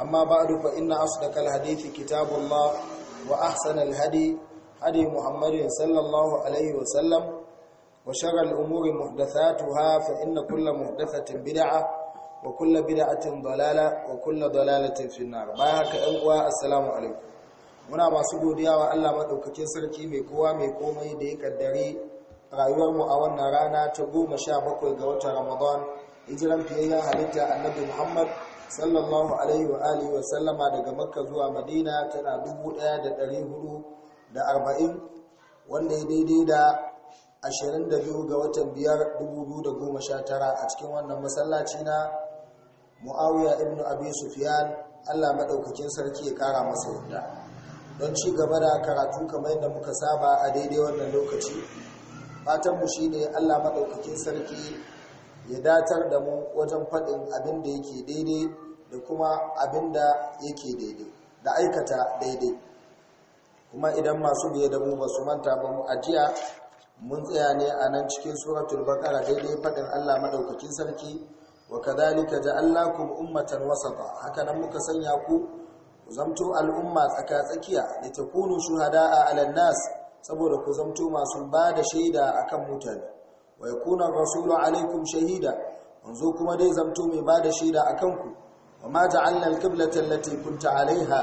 amma ba'du fa inna asdaqal hadithi kitabullah wa ahsana alhadi hadi muhammadin sallallahu alayhi wa sallam wa shagal umuri muhdathatuha fa inna kulla muhdathatin bid'a wa kulla bid'atin dalala wa kulla dalalatin fi an-nar baraka an wa assalamu alaykum muna masu godiya wa Allah madaukakin sarki mai kowa mai komai da ya kaddare rayuwarmu a wannan rana ta goma sha bakwai ga watan Ramadan hijran ya halitta annabi muhammad sallallahu alaihi wa alihi wa sallama daga makka zuwa madina tana 1440 wanda ya daidai da 22 ga watan biyar 2019 a cikin wannan masallaci na mu'awiyar ibn abi Sufiyan, Allah maɗaukakin sarki ya kara masa yadda. don ci gaba da karatu kamar yadda muka saba a daidai wannan lokaci fatanmu shi ne Allah maɗaukakin sarki ya datar da mu wajen faɗin abin da yake daidai da kuma abin da yake daidai da aikata daidai kuma idan masu biye da mu ba su manta ba mu ajiya mun tsaya ne a nan cikin suratul bakara daidai faɗin Allah maɗaukakin sarki wa kadhalika ja'alnakum ummatan wasata haka nan muka sanya ku zamto al'umma tsaka tsakiya litakunu shuhada'a 'alan nas saboda ku zamto masu ba da shaida a kan mutane wa yakuna rasulu alaikum shahida wanzo kuma dai zamto mai bada shaida akan ku wa ma ja'alna al-qiblata allati kunta alaiha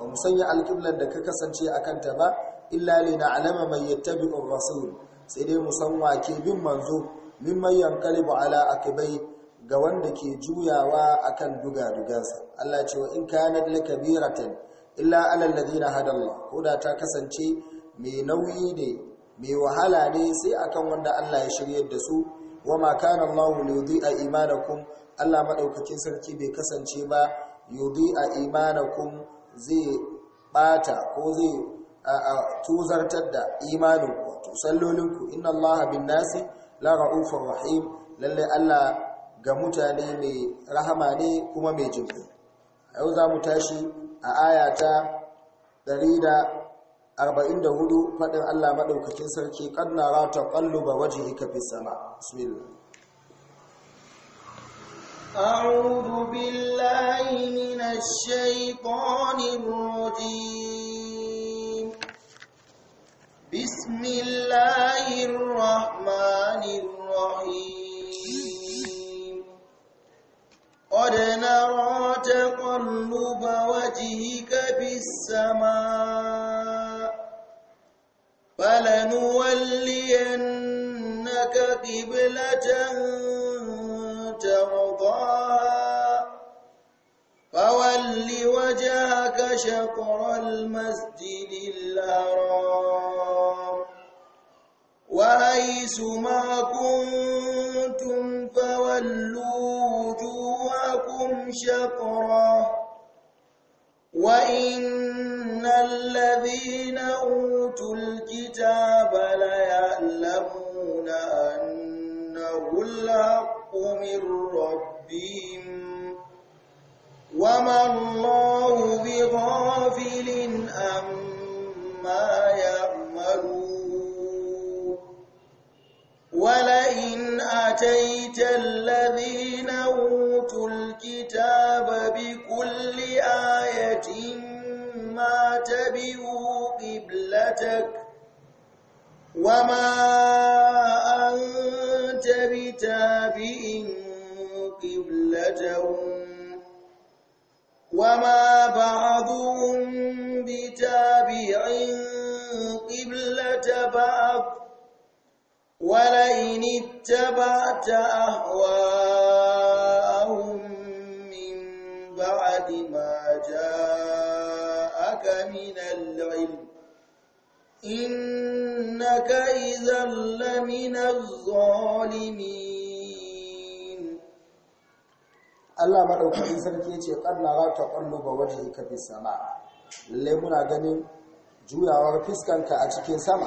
wa sanya al da ka kasance akan ta ba illa na'lama man yattabi'u ar-rasul sai dai musamma ke bin manzo mimman yankalibu ala akibai ga wanda ke juyawa akan duga-dugansa Allah ce wa in kanat lakabiratan illa alal ladina hadallah koda ta kasance mai nauyi ne mai wahala ne sai akan wanda Allah ya shiryar da su wa makanan kana a imanakun Allah maɗaukakin sarki bai kasance ba a imanakun zai bata ko zai tuzartar da imanin wato sallolinku ku inna bin nasi la raufur rahim lalle Allah ga mutane mai rahama ne kuma mai a yau za mu tashi a ayata da. 44 faɗin Allah maɗaukakin sarki qad nara taqalluba ika fi sama bismillah أعوذ بالله من الشيطان الرجيم بسم الله الرحمن الرحيم قد نرى تقلب وجهك في السماء فلنولينك قبلة ترضاها فول وجهك شطر المسجد الحرام وأيس ما كنتم فولوا وجوهكم شطرا وإن الذين أوتوا الكتاب ليعلمون أنه الحق من ربهم وما الله بغافل أما يعملون ولئن أتيت الذين أوتوا الكتاب بكل تبئوا تبعوا قبلتك وما أنت بتابع قبلتهم وما بعضهم بتابع قبلة بعض ولئن اتبعت أهواءهم من بعد ما إنك إذا لمن الظالمين Allah maɗaukakin sarki ce ƙarna za ta ƙwallo ba wajen ka fi sama lallai muna ganin juyawar fiskanka a cikin sama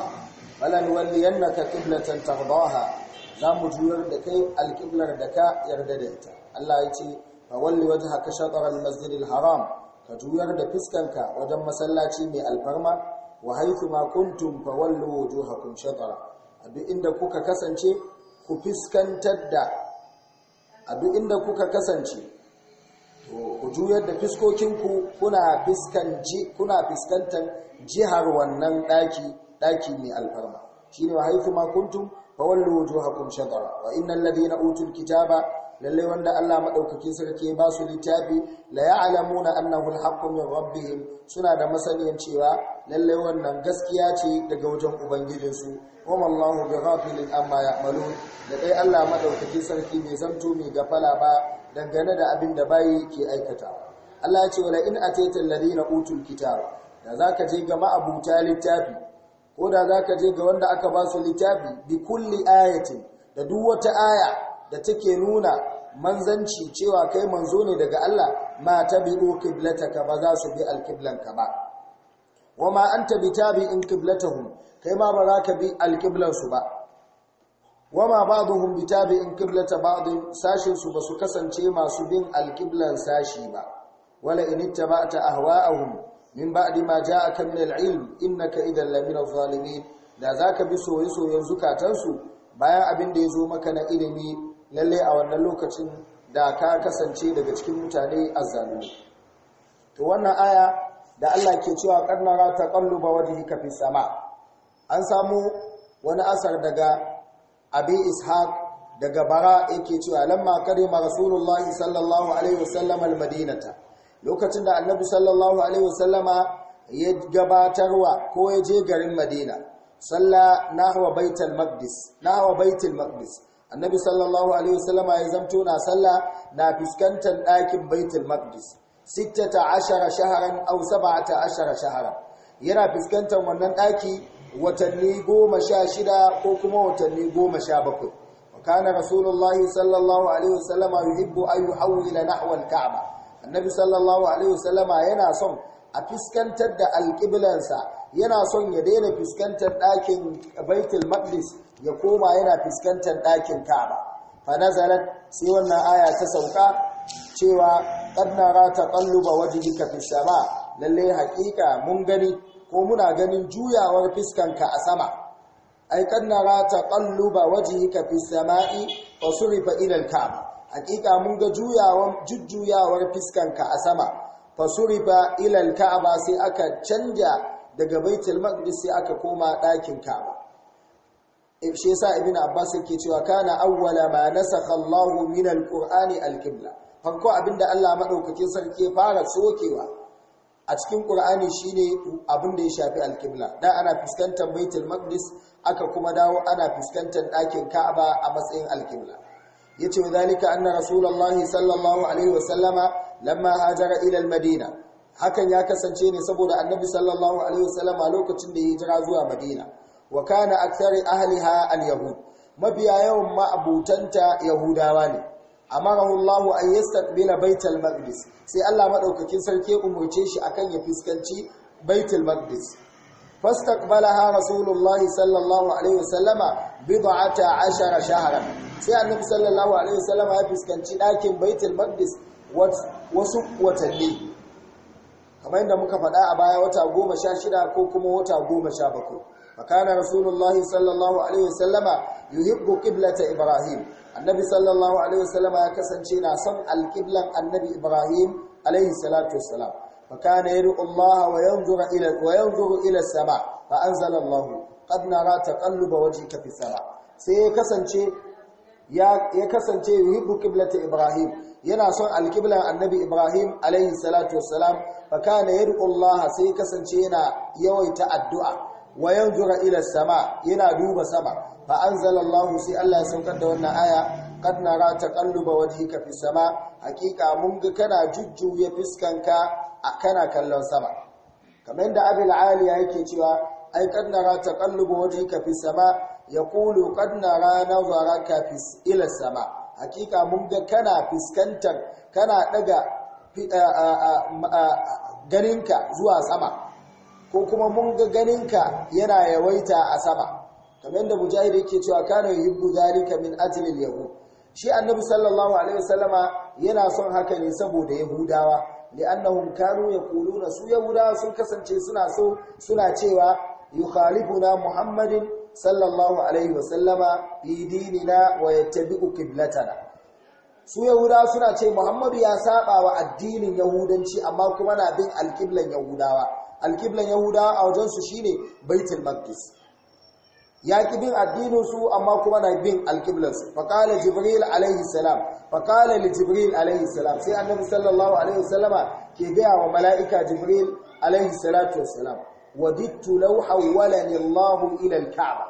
wallan walli yannaka qiblatan tardaha za mu juyar da kai alƙiblar da ka yarda da ita Allah ya ce fa walli wajhaka shatr al-masjid haram ka juyar da fiskanka wajen masallaci mai alfarma wa haythu ma kuntum fawallu wujuhakum shatara a inda kuka kasance ku fiskantar da a inda kuka kasance ku juyar da ku kuna fiskanci kuna fiskantar jihar wannan daki daki mai alfarma shine wa haythu ma kuntum fawallu wujuhakum shadara wa innal ladina utul kitaba lalle wanda Allah madaukakin sarki ba su littafi la ya'lamuna annahu alhaqqu min rabbihim suna da masaniyan cewa lalle wannan gaskiya ce daga wajen ubangijinsu kuma Allahu bighafilin amma ya'malun da ɗai Allah madaukakin sarki bai zanto mai gafala ba dangane da abin da bayi ke aikata Allah ya ce wala in ataytal ladina utul kitaba da ka je ga ma'abuta littafi ko da za ka je ga wanda aka ba su littafi bi kulli ayatin da duk wata aya da take nuna manzanci cewa kai manzo ne daga Allah ma tabi'u qiblataka ba za su bi alqiblanka ba wama anta bitabi'in qiblatahum kai ma ba za ka bi alqiblansu ba wama ba'dhum bitabi'in qiblata ba'd sashin su ba su kasance masu bin alqiblan sashi ba wala in ittaba'ta ahwa'ahum min ba'di ma a min al-ilm innaka idan lamina zalimin da zaka bi soyayyen zukatansu bayan abin da ya zo maka na ilimi lalle a wannan lokacin da ka kasance daga cikin mutane azzalimi to wannan aya da Allah ke cewa qarnara taqalluba wajhika fi sama an samu wani asar daga abi ishaq daga bara yake cewa lamma karima rasulullahi sallallahu alaihi wasallam al-madinata lokacin da annabi sallallahu alaihi wasallama ya gabatarwa ko ya je garin madina salla nahwa baitul maqdis nahwa baitul maqdis annabi sallallahu alaihi wasallama ya zamto na salla na fuskantar ɗakin baitul maqdis 16 shaharan aw 17 shahara. yana fuskantar wannan ɗaki watanni 16 ko kuma watanni 17 kana rasulullahi sallallahu alaihi wasallama yuhibbu an yuhawwila nahwa al-ka'bah annabi sallallahu alaihi wasallama yana son a fuskantar da alƙiblansa yana son ya daina fuskantar ɗakin baitul maqdis ya koma yana fuskantar ɗakin ka'aba fa nazalat sai wannan aya ta sauka cewa qad nara taqalluba wajhika fi sama lalle haƙiƙa mun gani ko muna ganin juyawar fiskanka a sama ai qad nara taqalluba wajhika fi sama'i fa surifa ila al-ka'aba hakika mun ga juyawan jujjuyawar fiskanka a sama fasurifa ilal ka'aba sai aka canja daga baitul maqdis sai aka koma ɗakin ka'aba eh, shi yasa ibnu abbas yake cewa kana awwala ma nasakha Allahu min alqur'ani alqibla farko abinda Allah madaukakin sarki ya fara sokewa a cikin qur'ani shine abinda ya shafi alqibla da ana fuskantar baitul maqdis aka kuma dawo ana fuskantar ɗakin ka'aba a matsayin alqibla yace zalika anna rasulullahi sallallahu alaihi wasallama lamma hajara ila almadina hakan ya kasance ne saboda annabi sallallahu alaihi wasallama lokacin da ya hijira zuwa madina wa kana aktsari ahliha alyahud mabiya yawan ma'abutanta yahudawa ne amarahu Allahu an yastaqbila baital maqdis sai Allah madaukakin sarki umurce shi akan ya fiskanci baitul maqdis fastaqbalaha rasulullah sallallahu alaihi wasallama bid'ata ashara shahara sai annabi sallallahu alaihi wasallam ya fuskanci ɗakin baitul maqdis wasu watanni kamar yadda muka faɗa a baya wata goma sha shida ko kuma wata goma sha bakwai fakana rasulullahi sallallahu alaihi wasallama yuhibbu qiblata ibrahim annabi sallallahu alaihi wasallama ya kasance na son alqiblan annabi ibrahim alaihi salatu wassalam fakana yad'u allaha wa yanzuru ila wa yanzuru ila sama fa anzala allahu qad nara taqalluba wajhika fi sama sai ya kasance ya kasance yuhibbu qiblata ibrahim yana son alqiblan annabi ibrahim alaihi salatu wassalam fa kana yad'u allah sai kasance yana yawaita addu'a wa yanzura ila sama yana duba sama fa anzalallahu sai allah ya saukar da wannan aya qad nara taqalluba wajhika fi sama hakika mun ga kana jujjuya fiskanka a kana kallon sama kamar da abul aliya yake cewa ai kan nara waje ka fi sama ya kulu kan nara ka fi ila sama hakika mun ga kana fiskantar kana daga ganinka zuwa sama ko kuma mun ga ganinka yana yawaita a sama kamar yadda mujahid yake cewa kana yuhibbu zalika min ajli al-yahud shi annabi sallallahu alaihi wasallama yana son haka ne saboda yahudawa li'annahum kanu yaquluna su yahudawa sun kasance suna so suna cewa yukhalifuna muhammadin sallallahu alaihi wasallama fi dinina wa yattabi'u qiblatana su yahuda suna ce muhammadu ya saba wa addinin yahudanci amma kuma na bin alƙiblan yahudawa alƙiblan yahudawa a wajensu shine baitul maqdis ya ki bin addinin su amma kuma na bin alƙiblansu faƙala jibril alaihi salam faƙala li jibril alaihi salam sai annabi sallallahu alaihi wasallama ke gaya wa mala'ika jibril alaihi salatu wassalam wadittu law hawwalani Allah ila al-Ka'ba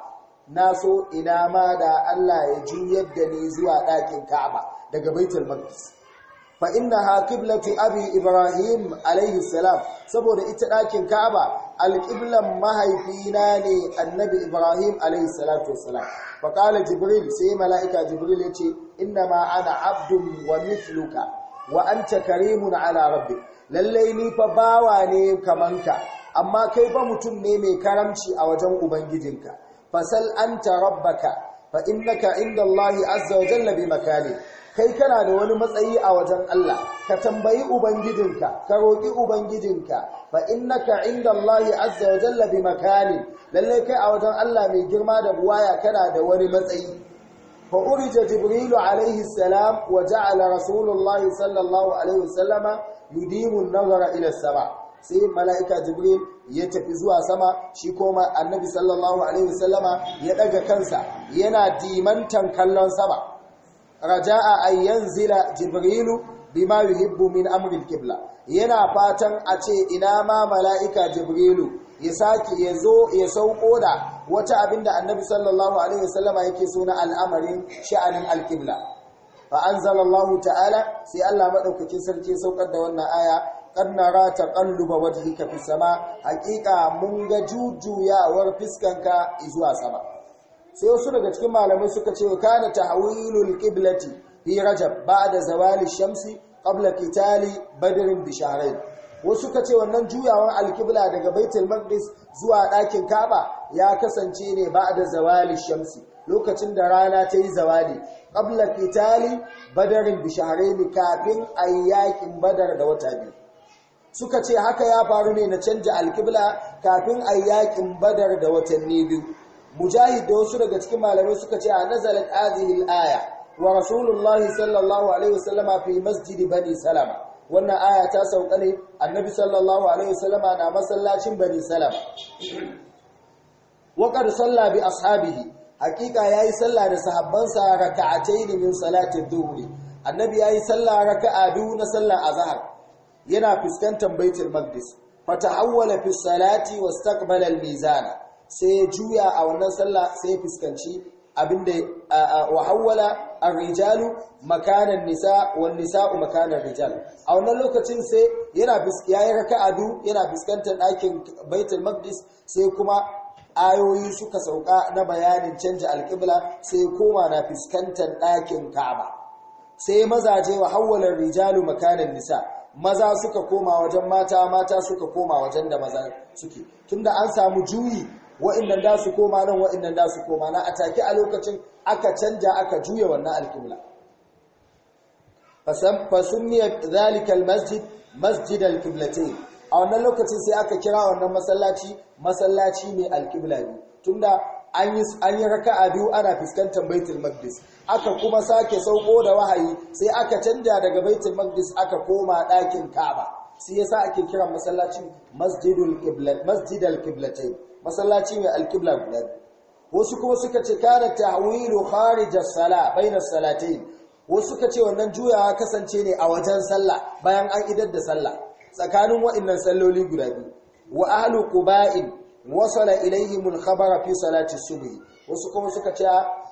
naso ina ma da Allah ya juyar da ni zuwa ɗakin Ka'ba daga Baitul Maqdis fa ha qiblatu abi Ibrahim alayhi salam saboda ita ɗakin Ka'ba alƙiblan mahaifina ne annabi Ibrahim alayhi salatu wassalam fa qala Jibril sai mala'ika Jibril yace inna ma ana abdun wa mithluka wa anta karimun ala rabbi. lallai ni fa bawa ne kamanka amma kai ba mutum ne mai karamci a wajen ubangijinka fasal anta rabbaka fa innaka inda Allah azza wa jalla bi makani kai kana da wani matsayi a wajen Allah ka tambayi ubangijinka ka roki ubangijinka fa innaka inda Allah azza wa jalla bi makani lalle kai a wajen Allah mai girma da buwaya kana da wani matsayi fa urija jibrilu alaihi salam wa ja'ala rasulullahi sallallahu alaihi wasallama yudimu an-nazara ila as-sama' sai mala'ika jibril ya tafi zuwa sama shi koma annabi sallallahu alaihi wasallama ya daga kansa yana dimantan kallon sama raja'a yanzila jibrilu bima yuhibbu min amri qibla yana fatan a ce ina ma mala'ika jibrilu ya sake ya zo ya sauko da wata abinda annabi sallallahu alaihi wasallama yake so na al'amarin sha'anin alqibla fa Allah ta'ala sai Allah madaukakin sarki saukar da wannan aya qad nara taqalluba wajhika fi sama hakika mun ga jujuyawar fiskanka zuwa sama sai wasu daga cikin malamai suka ce kana tahwilul qiblati fi rajab ba'da zawali shamsi qabla qitali badrin bisharai wasu suka ce wannan juyawar alqibla daga baitul maqdis zuwa ɗakin kaaba ya kasance ne ba'da zawali shamsi lokacin da rana ta yi zawali qabla qitali badarin bisharai ne kafin ayyakin badar da wata biyu suka ce haka ya faru ne na canja alkibla kafin a yakin badar da watanni biyu mujahid da wasu daga cikin malamai suka ce a nazarin azihil aya wa rasulullahi sallallahu alaihi wasallama fi masjidi bani salama wannan aya ta sauka ne annabi sallallahu alaihi wasallama na masallacin bani salama wa qad salla bi ashabihi hakika yayi salla da sahabbansa raka'atayn min salati dhuhri annabi yayi salla raka'a biyu na sallar azhar yana fuskantar baitul maqdis fatahawwala fi salati wastaqbala al-mizana sai ya juya a wannan sallah sai fuskanci abinda wa hawwala ar-rijalu makanan nisa wan nisa'u makanan rijal a wannan lokacin sai yana yayi raka'adu yana fuskantar ɗakin baitul maqdis sai kuma ayoyi suka sauka na bayanin canja alƙibla sai koma na fuskantar ɗakin ka'aba sai mazaje wa hawwalar rijalu makanan nisa maza suka koma wajen mata mata suka koma wajen da maza suke tunda an samu juyi wa'annan da su koma nan wa'annan da su koma na atake a lokacin aka canja aka juya wannan alƙibla fasummiya zalikal masjid masjid alƙiblatai a wannan lokacin sai aka kira wannan masallaci masallaci mai alqibla ne tunda an yi raka a biyu ana fuskantar baitul Magdis. aka kuma sake sauko da wahayi sai aka canja daga baitul magdis aka koma ɗakin kaba. sai sa ake kiran masallacin masjidul qibla masjidal qiblatayn masallaci mai guda wasu kuma suka ce kana ta wilo as-sala bainar salatai wasu suka ce wannan juyawa kasance ne a wajen sallah bayan an idar da sallah tsakanin waɗannan salloli guda biyu wa ahlu quba'in wasala ilaihimul khabara fi salati subhi wasu kuma suka ce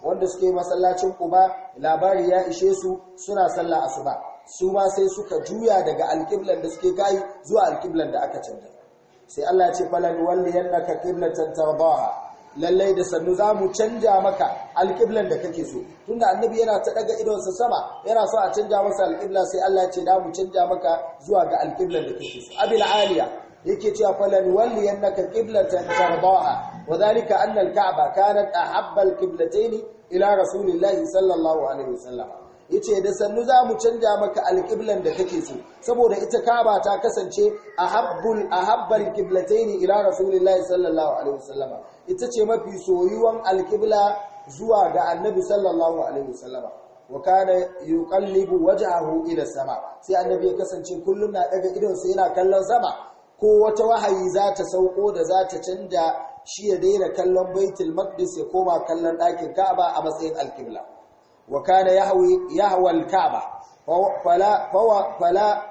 wanda suke masallacin Quba labari ya ishe su suna sallah asuba su ma sai suka juya daga alqiblan da suke kai zuwa alqiblan da aka canza sai Allah ya ce falan walli yannaka qiblatan tardaha lallai da sannu za mu canja maka alqiblan da kake so tunda annabi yana ta daga idonsa sama yana so a canja masa alqibla sai Allah ce da mu canja maka zuwa ga alqiblan da kake so abil aliya yake cewa falan walli annaka qiblatan tardaha wadhalika Wazalika, anna alka'ba kanat ahabba alqiblatayn ila rasulillahi sallallahu alaihi wasallam yace da sannu za mu canja maka alqiblan da kake so saboda ita kaba ta kasance ahabbul ahabbal qiblatayn ila rasulillahi sallallahu alaihi wasallam ita ce mafi soyuwan alqibla zuwa ga annabi sallallahu alaihi wasallam wa kana yuqallibu wajhahu ila sama sai annabi ya kasance kullum na daga idonsa yana kallon sama ko wata wahayi za ta sauko da za ta canja shi ya daina kallon baitul maqdis ya koma kallon ɗakin ka'aba a matsayin alƙibla wa kana yahwi yahwa alka'aba fala fala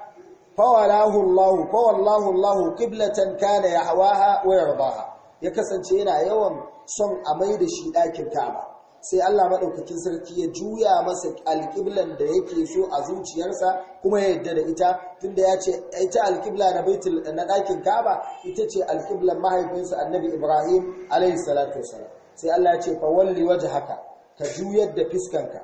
fawalahu Allah fawallahu Allah qiblatan kana yahwaha wa yardaha ya kasance yana yawan son a maida shi ɗakin ka'aba sai Allah maɗaukakin sarki ya juya masa alƙiblan da yake so a zuciyarsa kuma ya yarda da ita tunda ya ce ita alƙibla na baitul na ɗakin kaba, ita ce alƙiblan mahaifinsa Annabi Ibrahim alaihi salatu wasalam sai Allah ya ce fa walli wajhaka ka juyar da fiskanka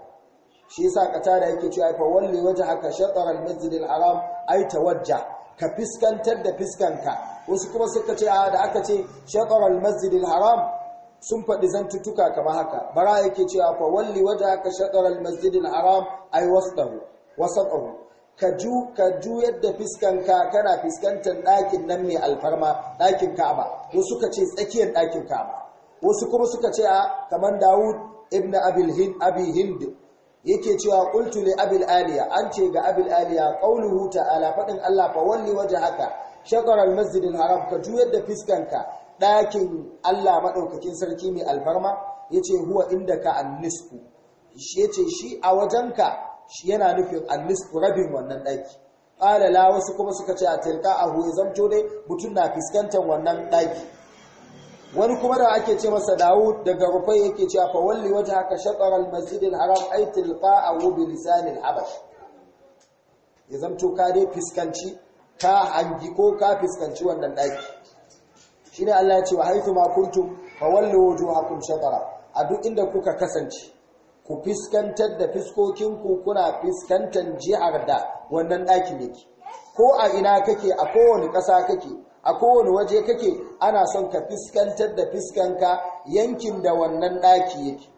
shi yasa kata da yake cewa fa walli wajhaka shatr al-masjid al-haram ay tawajja ka fiskantar da fiskanka wasu kuma suka ce da aka ce shatr al-masjid al-haram sun faɗi zantuttuka kamar haka bara yake cewa fa walli wata ka al haram ay wasdahu wasaqahu ka ju ka juyar da fiskanka kana fiskantar ɗakin nan mai alfarma ɗakin Ka'aba wasu suka ce tsakiyar ɗakin Ka'aba wasu kuma suka ce a kamar Dawud ibn Abil Hind Abi yake cewa qultu li Abil Aliya an ce ga Abil Aliya huta ta'ala faɗin Allah fa walli haka shatr masjidin haram ka juyar da fiskanka ɗakin Allah maɗaukakin sarki mai alfarma ya ce huwa inda ka annisku ya ce shi a wajenka shi yana nufin annisku rabin wannan ɗaki ƙalala wasu kuma suka ce a tilka a huwa zamto dai mutum na fuskantar wannan ɗaki wani kuma da ake ce masa dawo daga rufai yake ce a fawalli wata haka shaƙar almasjidin haram ai tilka a wubi lisanin habash ya zamto ka dai fuskanci ka hangi ko ka fuskanci wannan ɗaki shine Allah ya ce wa haythu ma kuntum fawallu wujuhakum shatara a duk inda kuka kasance ku fiskantar da fiskokinku kuna fiskantar jihar da wannan ɗakin yake ko a ina kake a kowane ƙasa kake a kowane waje kake ana son ka fiskantar da fiskanka yankin da wannan ɗaki yake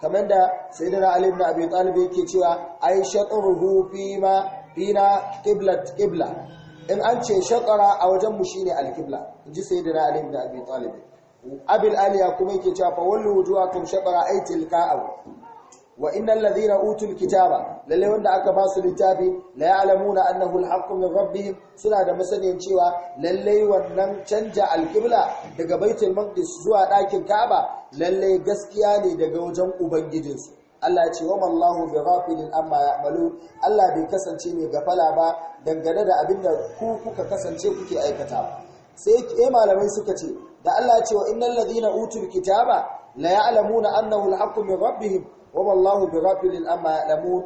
kamar da sayyidina ali ibn abi talib yake cewa aisha turhu fi ma fina qiblat in an ce shakara a wajenmu shi ne alkibla in ji sai dina alim da abin talibin aliya kuma yake cewa fa wallo wujuwa kan shaƙara ai tilka wa innan ladhina utul kitaba lalle wanda aka ba su littafi la ya'lamuna annahu Annahul haqqu min rabbihim suna da masaniyan cewa lalle wannan canja alqibla daga baitul maqdis zuwa ɗakin ka'aba lalle gaskiya ne daga wajen ubangijinsu Allah ya ce wa mallahu bi ghafilin amma ya'malu Allah bai kasance mai gafala ba dangane da abin da ku kuka kasance kuke aikatawa sai ke malamai suka ce da Allah ya ce wa innal ladina utul kitaba la ya'lamuna annahu al-haqqu min rabbihim wa mallahu bi ghafilin amma ya'lamun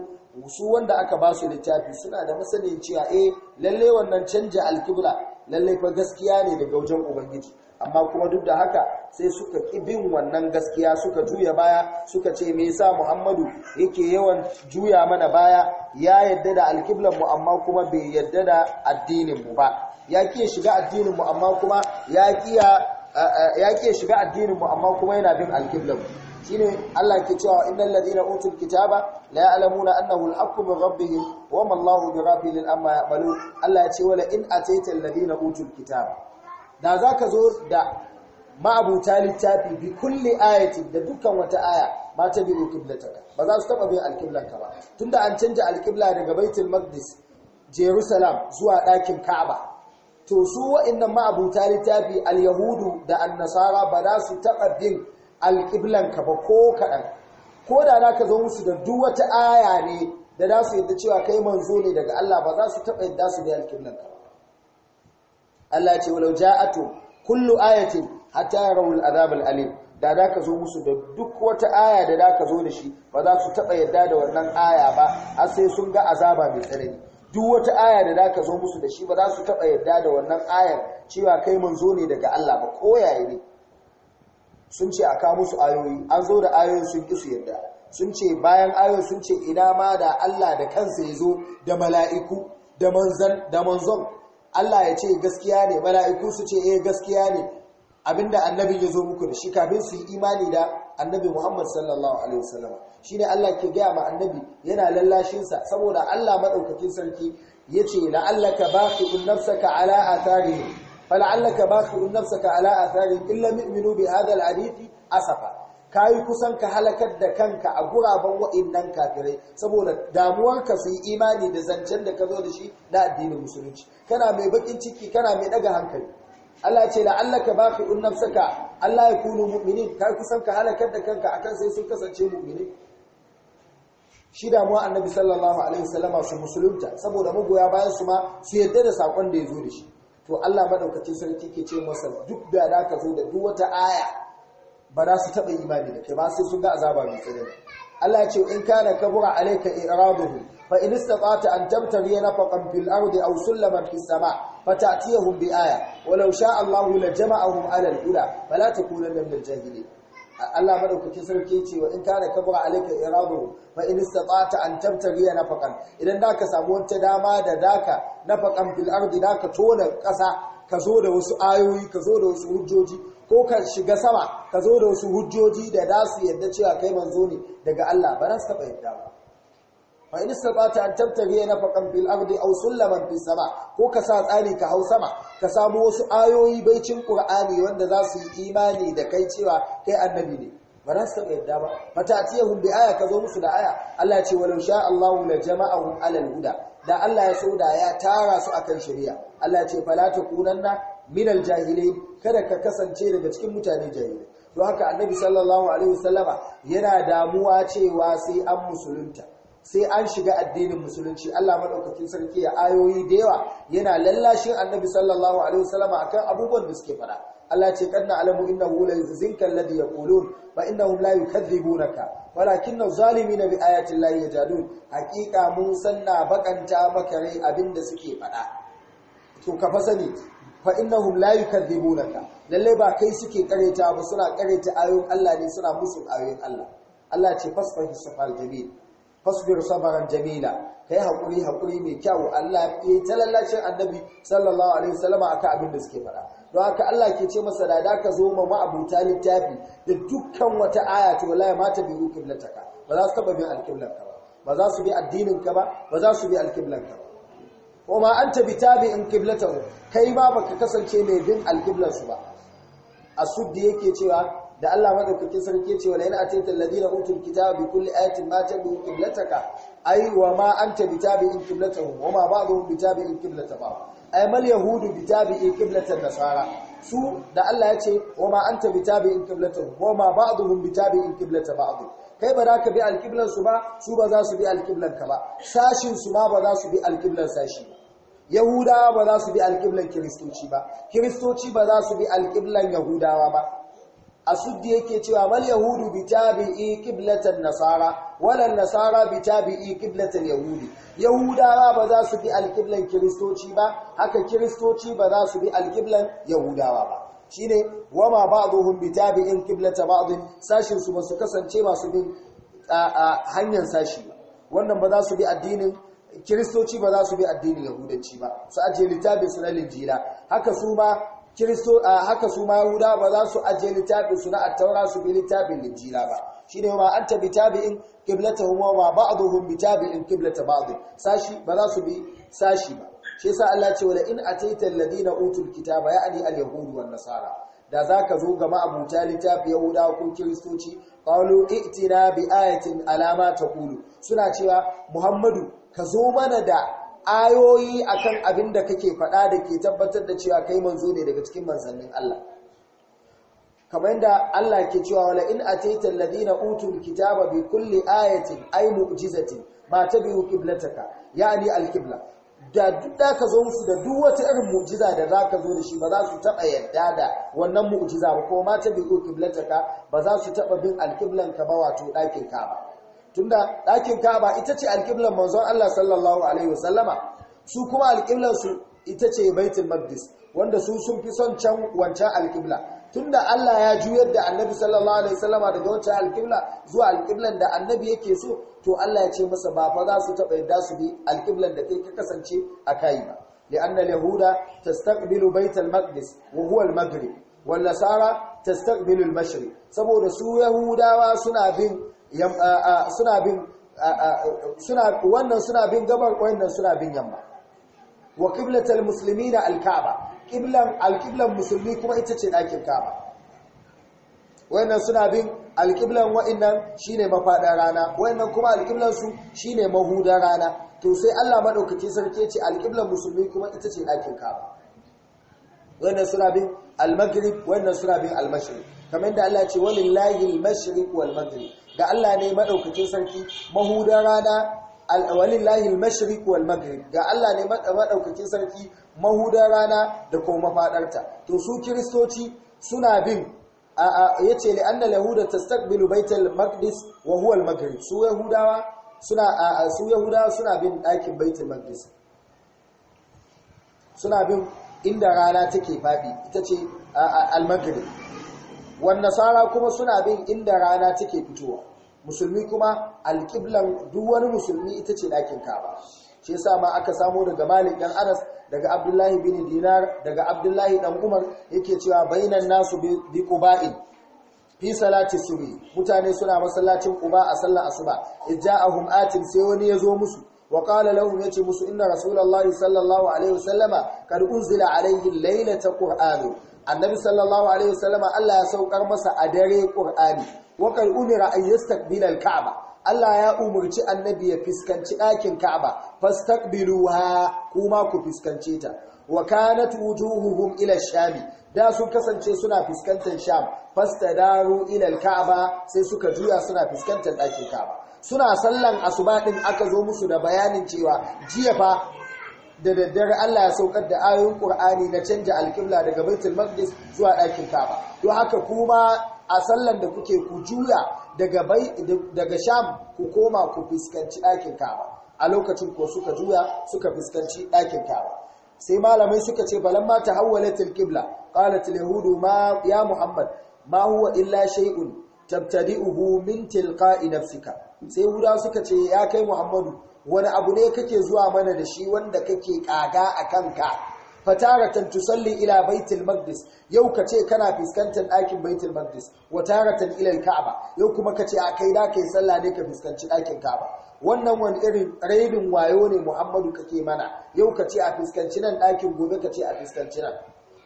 su wanda aka ba su littafi suna da masanin cewa eh lalle wannan canja alkibla lalle fa gaskiya ne daga wajen ubangiji amma kuma duk da haka sai suka bin wannan gaskiya suka juya baya suka ce me yasa Muhammadu yake yawan juya mana baya ya yadda da alkiblan mu amma kuma bai yadda da addinin mu ba ya shiga addinin mu amma kuma ke shiga addininmu amma kuma yana bin alƙiblamu shi ne Allah ke cewa innan ladina utul kitaba la ya'lamuna annahu al-haqqu min rabbihim wa ma Allahu bighafilin amma ya'malu Allah ya ce wala in ataita alladina utul kitaba da za ka zo da ma'abuta littafi bi kulli ayatin da dukkan wata aya ba ta bi qiblataka ba za su taba bin alqiblanka ba tunda an canja alkibla daga baitul maqdis jerusalem zuwa ɗakin ka'aba to su wa'annan ma'abuta littafi alyahudu da annasara ba za su taba bin ka ba ko kaɗan ko da za ka zo musu da duk wata aya ne da za su yadda cewa kai manzo ne daga Allah ba za su taba yadda su bi alqiblanka Allah ce walau ja'atu kullu ayatin hatta yarawul azab alim da da ka zo musu da duk wata aya da da ka zo da shi ba za su taba yadda da wannan aya ba har sai sun ga azaba mai tsanani duk wata aya da da ka zo musu da shi ba za su taba yadda da wannan ayar cewa kai manzo ne daga Allah ba ko yayi ne sun ce a musu ayoyi an zo da ayoyin sun kisu yadda sun ce bayan ayoyin sun ce ina ma da Allah da kansa ya zo da mala'iku da manzon Allah ya ce gaskiya ne mala'iku su ce eh gaskiya ne abinda annabin ya zo muku da shi kafin su yi imani da annabi Muhammad sallallahu alaihi wasallam shine Allah ke gaya ma annabi yana lallashin sa saboda Allah madaukakin sarki yace la'allaka baqi'un nafsaka ala atharihim fala'allaka baqi'un nafsaka ala atharihim illa yu'minu bi hadha al-hadith asafa kayi kusan ka halakar da kanka a guraben wa'innan kafirai saboda damuwarka su yi imani da zancen da ka zo da shi na addinin musulunci kana mai bakin ciki kana mai daga hankali Allah ce la'allaka baqi'un nafsaka Allah ya kunu mu'minin ka kusan ka halakar da kanka akan sai sun kasance mu'minin shi damuwa annabi sallallahu alaihi wasallama su musulunta saboda magoya bayan su ma su yadda da sakon da ya zo da shi to Allah maɗaukacin sarki ke ce masa duk da ka zo da duk wata aya ba za su taɓa imani da kai ba sai sun ga azaba mai tsanani Allah ya ce in kana kabura alayka iraduhu fa in istata an tabtaghi nafaqan fil ardi aw sulaman fis sama fatatiyahum bi aya walau sha Allahu la jama'ahum ala al-ula fala takunanna min al Allah madaukakin sarki ce wa in kana kabura alayka iraduhu fa in istata an tabtaghi nafaqan idan ka samu wata dama da daka nafaqan fil ardi ka tona kasa ka zo da wasu ayoyi ka zo da wasu hujjoji ko ka shiga sama ka zo da wasu hujjoji da za su yadda cewa kai manzo ne daga Allah ba za su taɓa yadda ba fa in ta an tabtaghi nafaqan fil ardi aw sulaman fi sama ko ka sa tsari ka hau sama ka samu wasu ayoyi baicin qur'ani wanda za su yi imani da kai cewa kai annabi ne ba za su taɓa yadda ba a tiyahun bi aya ka zo musu da aya Allah ce walau sha Allahu jama'a jama'ahum alal huda da Allah ya so da ya tara su akan shari'a Allah ce fala na. minal jahilai kada ka kasance daga cikin mutane jahilai don haka annabi sallallahu alaihi wasallama yana damuwa cewa sai an musulunta sai an shiga addinin musulunci Allah madaukakin sarki ya ayoyi da yawa yana lallashin annabi sallallahu alaihi wasallama akan abubuwan da suke fada Allah ce kanna alamu innahu la yuzinka alladhi yaqulun fa innahum la yukadhibunaka az zalimina bi ayati llahi yajadun haqiqa mun sanna bakanta maka rai abinda suke fada to ka fasani fa innahum la yukadzibunaka lalle ba kai suke kareta ba suna kareta ayoyin Allah ne suna musu ayoyin Allah Allah ce fasfar hisfal jamil fasbir sabran jamila kai hakuri hakuri mai kyau Allah ya talallacin annabi sallallahu alaihi wasallama aka abin da suke fara. don haka Allah ke ce masa da da ka zo ma ma'abuta littafi da dukkan wata aya to wallahi ma ta biyu qiblataka ba za su taba bin alqiblanka ba ba za su bi addinin ka ba ba za su bi alqiblanka ba wa ma anta bitabi'in qiblatahu kai ba baka kasance mai bin alqiblar su ba asuddi yake cewa da Allah madaukakin sarki yake cewa la in ataytal ladina utul kitaba bi kulli ayatin ma tabi'u qiblataka ai wa ma anta bitabi'in qiblatahu wa ma ba'dhum bitabi'in ba. ai mal yahudu bitabi'in qiblatan nasara su da Allah ya ce wa ma anta bitabi'in qiblatahu wa ma ba'dhum bitabi'in qiblata ba'dhum kai ba za ka bi alƙiblan su ba su ba za su bi alƙiblan ka ba sashin su ma ba za su bi alƙiblan sashi ba yahudawa ba za su bi alƙiblan kiristoci ba kiristoci ba za su bi alƙiblan yahudawa ba a suddi yake cewa mal yahudu bi tabi'i qiblatan nasara walan nasara bi tabi'i qiblatan yahudi yahudawa ba za su bi alƙiblan kiristoci ba haka kiristoci ba za su bi alƙiblan yahudawa ba shine wama ba'dhum bitabi'in qiblata ba'd sashin su basu kasance masu bin hanyar sashi wannan ba za su bi addinin kiristoci ba za su bi addinin yahudanci ba su ajiye littafin su na linjila haka su ma kiristo haka su ma yahuda ba za su ajiye littafin su na attaura su bi littafin linjila ba shine ma anta bitabi'in qiblatuhum wa ma ba'dhum bitabi'in qiblata ba'd sashi ba za su bi sashi ba shi yasa Allah ce wala in ataita alladina utul kitaba ya'ni al-yahud wan nasara da zaka zo ga ma'abuta littafi yahuda ko kiristoci qalu i'tina bi ayatin alama taqulu suna cewa muhammadu ka zo mana da ayoyi akan abin da kake faɗa da ke tabbatar da cewa kai manzo ne daga cikin manzannin Allah kamar yadda Allah ke cewa wala in ataita alladina utul kitaba bi kulli ayatin ay mu'jizatin ma tabi'u qiblataka yani al-qibla da duk da ka zo musu da duk wata irin mu'jiza da za ka zo da shi ba za su taɓa yadda da wannan mu'jiza ba ko ma ta biyo kiblataka ba za su taɓa bin alkiblan ka ba wato ɗakin ba. tunda ɗakin kaba ita ce alƙiblar manzon Allah sallallahu alaihi wasallama su kuma alƙiblar su ita ce baitul maqdis wanda su sun fi son can wancan alƙibla tunda Allah ya juyar da annabi sallallahu alaihi wasallama daga wancan alƙibla zuwa alƙiblan da annabi yake so to Allah ya ce masa ba fa za su taɓa yadda su bi alƙiblan da kai ka kasance a kai ba لأن اليهود تستقبل بيت المقدس wa Nasara, والنصارى تستقبل المشرق saboda su yahudawa suna bin suna bin suna wannan suna bin gabar wannan suna bin yamma wa qiblatal muslimina alka'aba qiblan alqiblan musulmi kuma ita ce ɗakin ka'aba wayannan suna bin alqiblan wayannan shine mafada rana wayannan kuma alqiblan su shine mahuda rana to sai Allah madaukake sarki ce alqiblan musulmi kuma ita ce ɗakin ka'aba wayannan suna bin al-maghrib wayannan suna bin al-mashriq kamar inda Allah ce walillahi wal-maghrib ga Allah ne madaukake sarki mahuda rana walillahi al wal maghrib ga Allah ne madaukakin sarki mahudar rana da kuma mafaɗarta. to su kristoci suna bin yace li anna yahuda tastaqbilu baital maqdis wa huwa al maghrib su yahudawa suna su yahudawa suna bin dakin baitul maqdis suna bin inda rana take fadi ita ce al maghrib wan nasara kuma suna bin inda rana take fitowa musulmi kuma alƙiblan duk wani musulmi ita ce ɗakin kaba shi yasa ma aka samo daga malik ɗan anas daga abdullahi bin dinar daga abdullahi dan umar yake cewa bainan nasu bi quba'in fi salati subhi mutane suna masallacin quba a sallar asuba a atin sai wani ya zo musu wa qala lahum ce musu inna rasulullahi sallallahu alaihi wasallama kad unzila alaihi ta qur'anu annabi sallallahu alaihi wasallama Allah ya saukar masa a dare qur'ani wa kai umira an yastaqbila al Allah ya umurci annabi ya fiskanci ɗakin ka'aba fastaqbiluha kuma ku fiskance ta wa kanat wujuhuhum ila shami da sun kasance suna fiskantar sham fastadaru ila al sai suka juya suna fiskantar ɗakin ka'aba suna sallan asuba din aka zo musu da bayanin cewa jiya fa da daddare Allah ya saukar da ayoyin Qur'ani na canja alƙibla daga Baitul Maqdis zuwa ɗakin Kaaba to haka kuma a sallan da kuke ku juya daga daga Sham ku koma ku fuskanci ɗakin Kaaba a lokacin ko suka juya suka fuskanci ɗakin Kaaba sai malamai suka ce ta tahawwalatil qibla qalat al yahudu ma ya Muhammad ma huwa illa shay'un tabtadi'uhu min tilqa'i nafsika sai guda suka ce ya kai Muhammadu wani abu ne kake zuwa mana da shi wanda kake kaga a kanka fataratan tusalli ila baitul maqdis yau kace kana fuskantar ɗakin baitul maqdis wa taratan ila al yau kuma kace a kai da kai sallah ne ka fuskanci ɗakin ka'ba wannan wani irin raidin wayo ne Muhammadu kake mana yau kace a fuskanci nan ɗakin gobe kace a fuskanci nan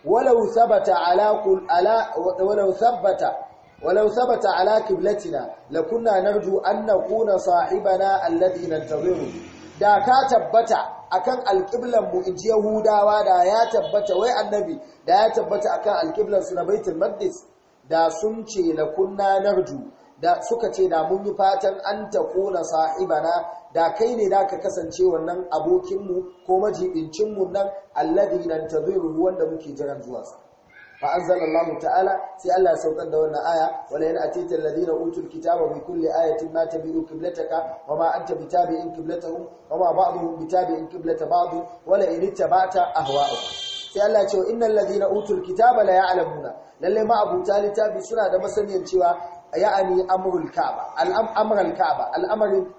walau thabata ala ala walau thabata ولو ثبت على قبلتنا لكنا نرجو ان نكون صاحبنا الذي ننتظره da ka tabbata akan alƙiblan mu inji Yahudawa da ya tabbata wai annabi da ya tabbata akan alƙiblan su na Baitul Maqdis da sun ce la kunna narju da suka ce da mun yi fatan an ta kula sahibana da kai ne da ka kasance wannan abokinmu ko majibincin mu nan alladhi nan wanda muke jiran zuwa sa fa anzalallahu ta'ala sai Allah ya saukar da wannan aya wala in atita alladhina utul kitaba bi kulli ayatin ma tabi'u qiblataka wama anta bitabi'in qiblatahum wama ba'dhum bitabi'in qiblata ba'd wala in ittaba'ta ahwa'ahum sai Allah ya ce innal ladhina utul kitaba la ya'lamuna lalle ma abu littafi suna da masaniyan cewa ya'ani amrul ka'ba al ka'ba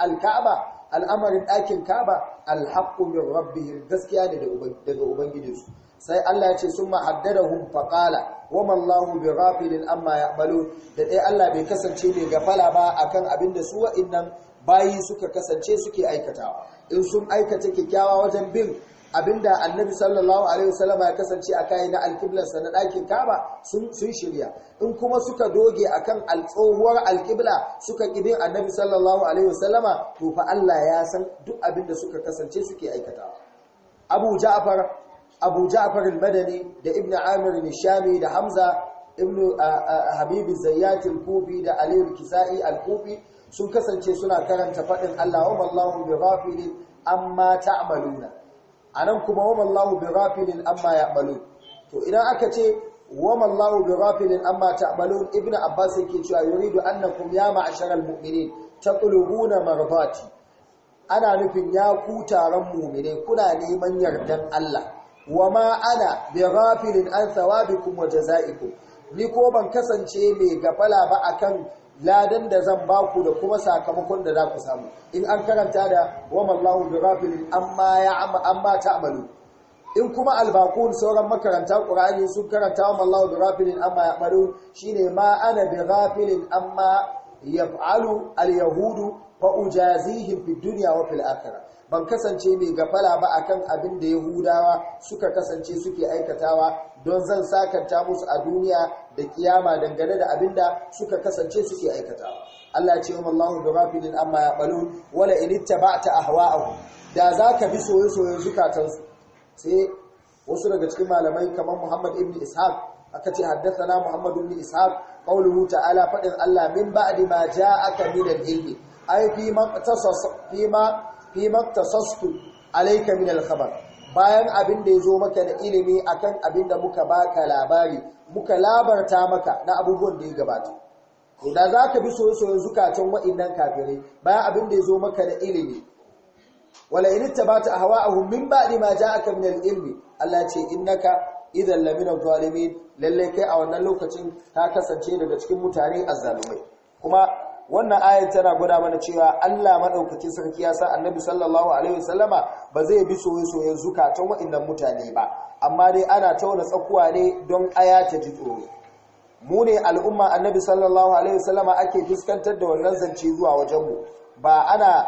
al-ka'ba al'amarin ɗakin kaba alhaqqu min rabbihim gaskiya ne daga ubangijinsu sai Allah ya ce summa haddadahum faqala wama Allahu bighafilin amma ɓalo da ɗaya Allah bai kasance mai gafala ba akan abin da su nan bayi suka kasance suke aikatawa in sun aikata kyakkyawa wajen bin abinda annabi sallallahu alaihi wasallama ya kasance a kai na alkiblarsa na ɗakin kaba sun shirya in kuma suka doge akan tsohuwar alkibla suka kibin annabi sallallahu alaihi wasallama to fa Allah ya san duk abinda suka kasance suke aikatawa Abu Ja'far Abu Ja'far al-Madani da Ibn Amir al da Hamza Ibn Habib al-Zayyat al-Kufi da Ali al-Kisai al-Kufi sun kasance suna karanta faɗin "Allahumma wa Allahu bi ghafilin amma ta'maluna A nan kuma wa mallahu bi ghafilin amma ya'malun to idan aka ce wa mallahu bi ghafilin amma ta'malun ibnu abbas yake cewa yuridu annakum ya ma'asharal mu'minin taqulubuna marfati ana nufin ya ku taron mu'mine kuna neman yardan Allah wa ma ana bi ghafilin an thawabikum wa jazaikum ni ko ban kasance mai gafala ba akan ladan da zan ba ku da kuma sakamakon da za ku samu in an karanta da wamallahu bi ghafilin amma ya'ma amma amalu in kuma albakun sauran makaranta ƙura'ani sun karanta wamallahu bi ya amma shi shine ma ana bi amma yaf'alu al-yahudu fa ujazihim fi dunya wa fil akhirah ban kasance mai gafala ba akan abin da yahudawa suka kasance suke aikatawa don zan sakanta musu a duniya da kiyama dangane da abin da suka kasance suke aikatawa Allah ya ce wa Allahu bi ghafilin amma yaqulun wala in ittaba'ta ahwa'ahum da zaka bi soyoyin zukatansu sai wasu daga cikin malamai kamar Muhammad ibn Ishaq aka ce haddathana Muhammad ibn Ishaq qawluhu ta'ala fadin Allah min ba'di ma ja'aka min al-ilmi ay fi ma fi ma fi maktasastu alayka min al-khabar bayan abin da yazo maka da ilimi akan abin da muka baka labari muka labarta maka na abubuwan da ya gabata to da zaka bi soyayyen zukatan wa'annan kafirai bayan abin da yazo maka da ilimi wala in ittabata ahwa'ahum min ba'di ma ja'aka min al-ilmi Allah ce innaka idan lamina zalimin lalle kai a wannan lokacin ta kasance daga cikin mutane azzalumai kuma wannan ayat tana gwada mana cewa Allah madaukakin sarki ya sa Annabi sallallahu alaihi wasallama ba zai bi soyayyen zukatan waɗannan mutane ba amma dai ana tauna tsakuwa ne don aya ta ji tsoro mu ne al'umma Annabi sallallahu alaihi wasallama ake fuskantar da wannan zance zuwa wajen mu ba ana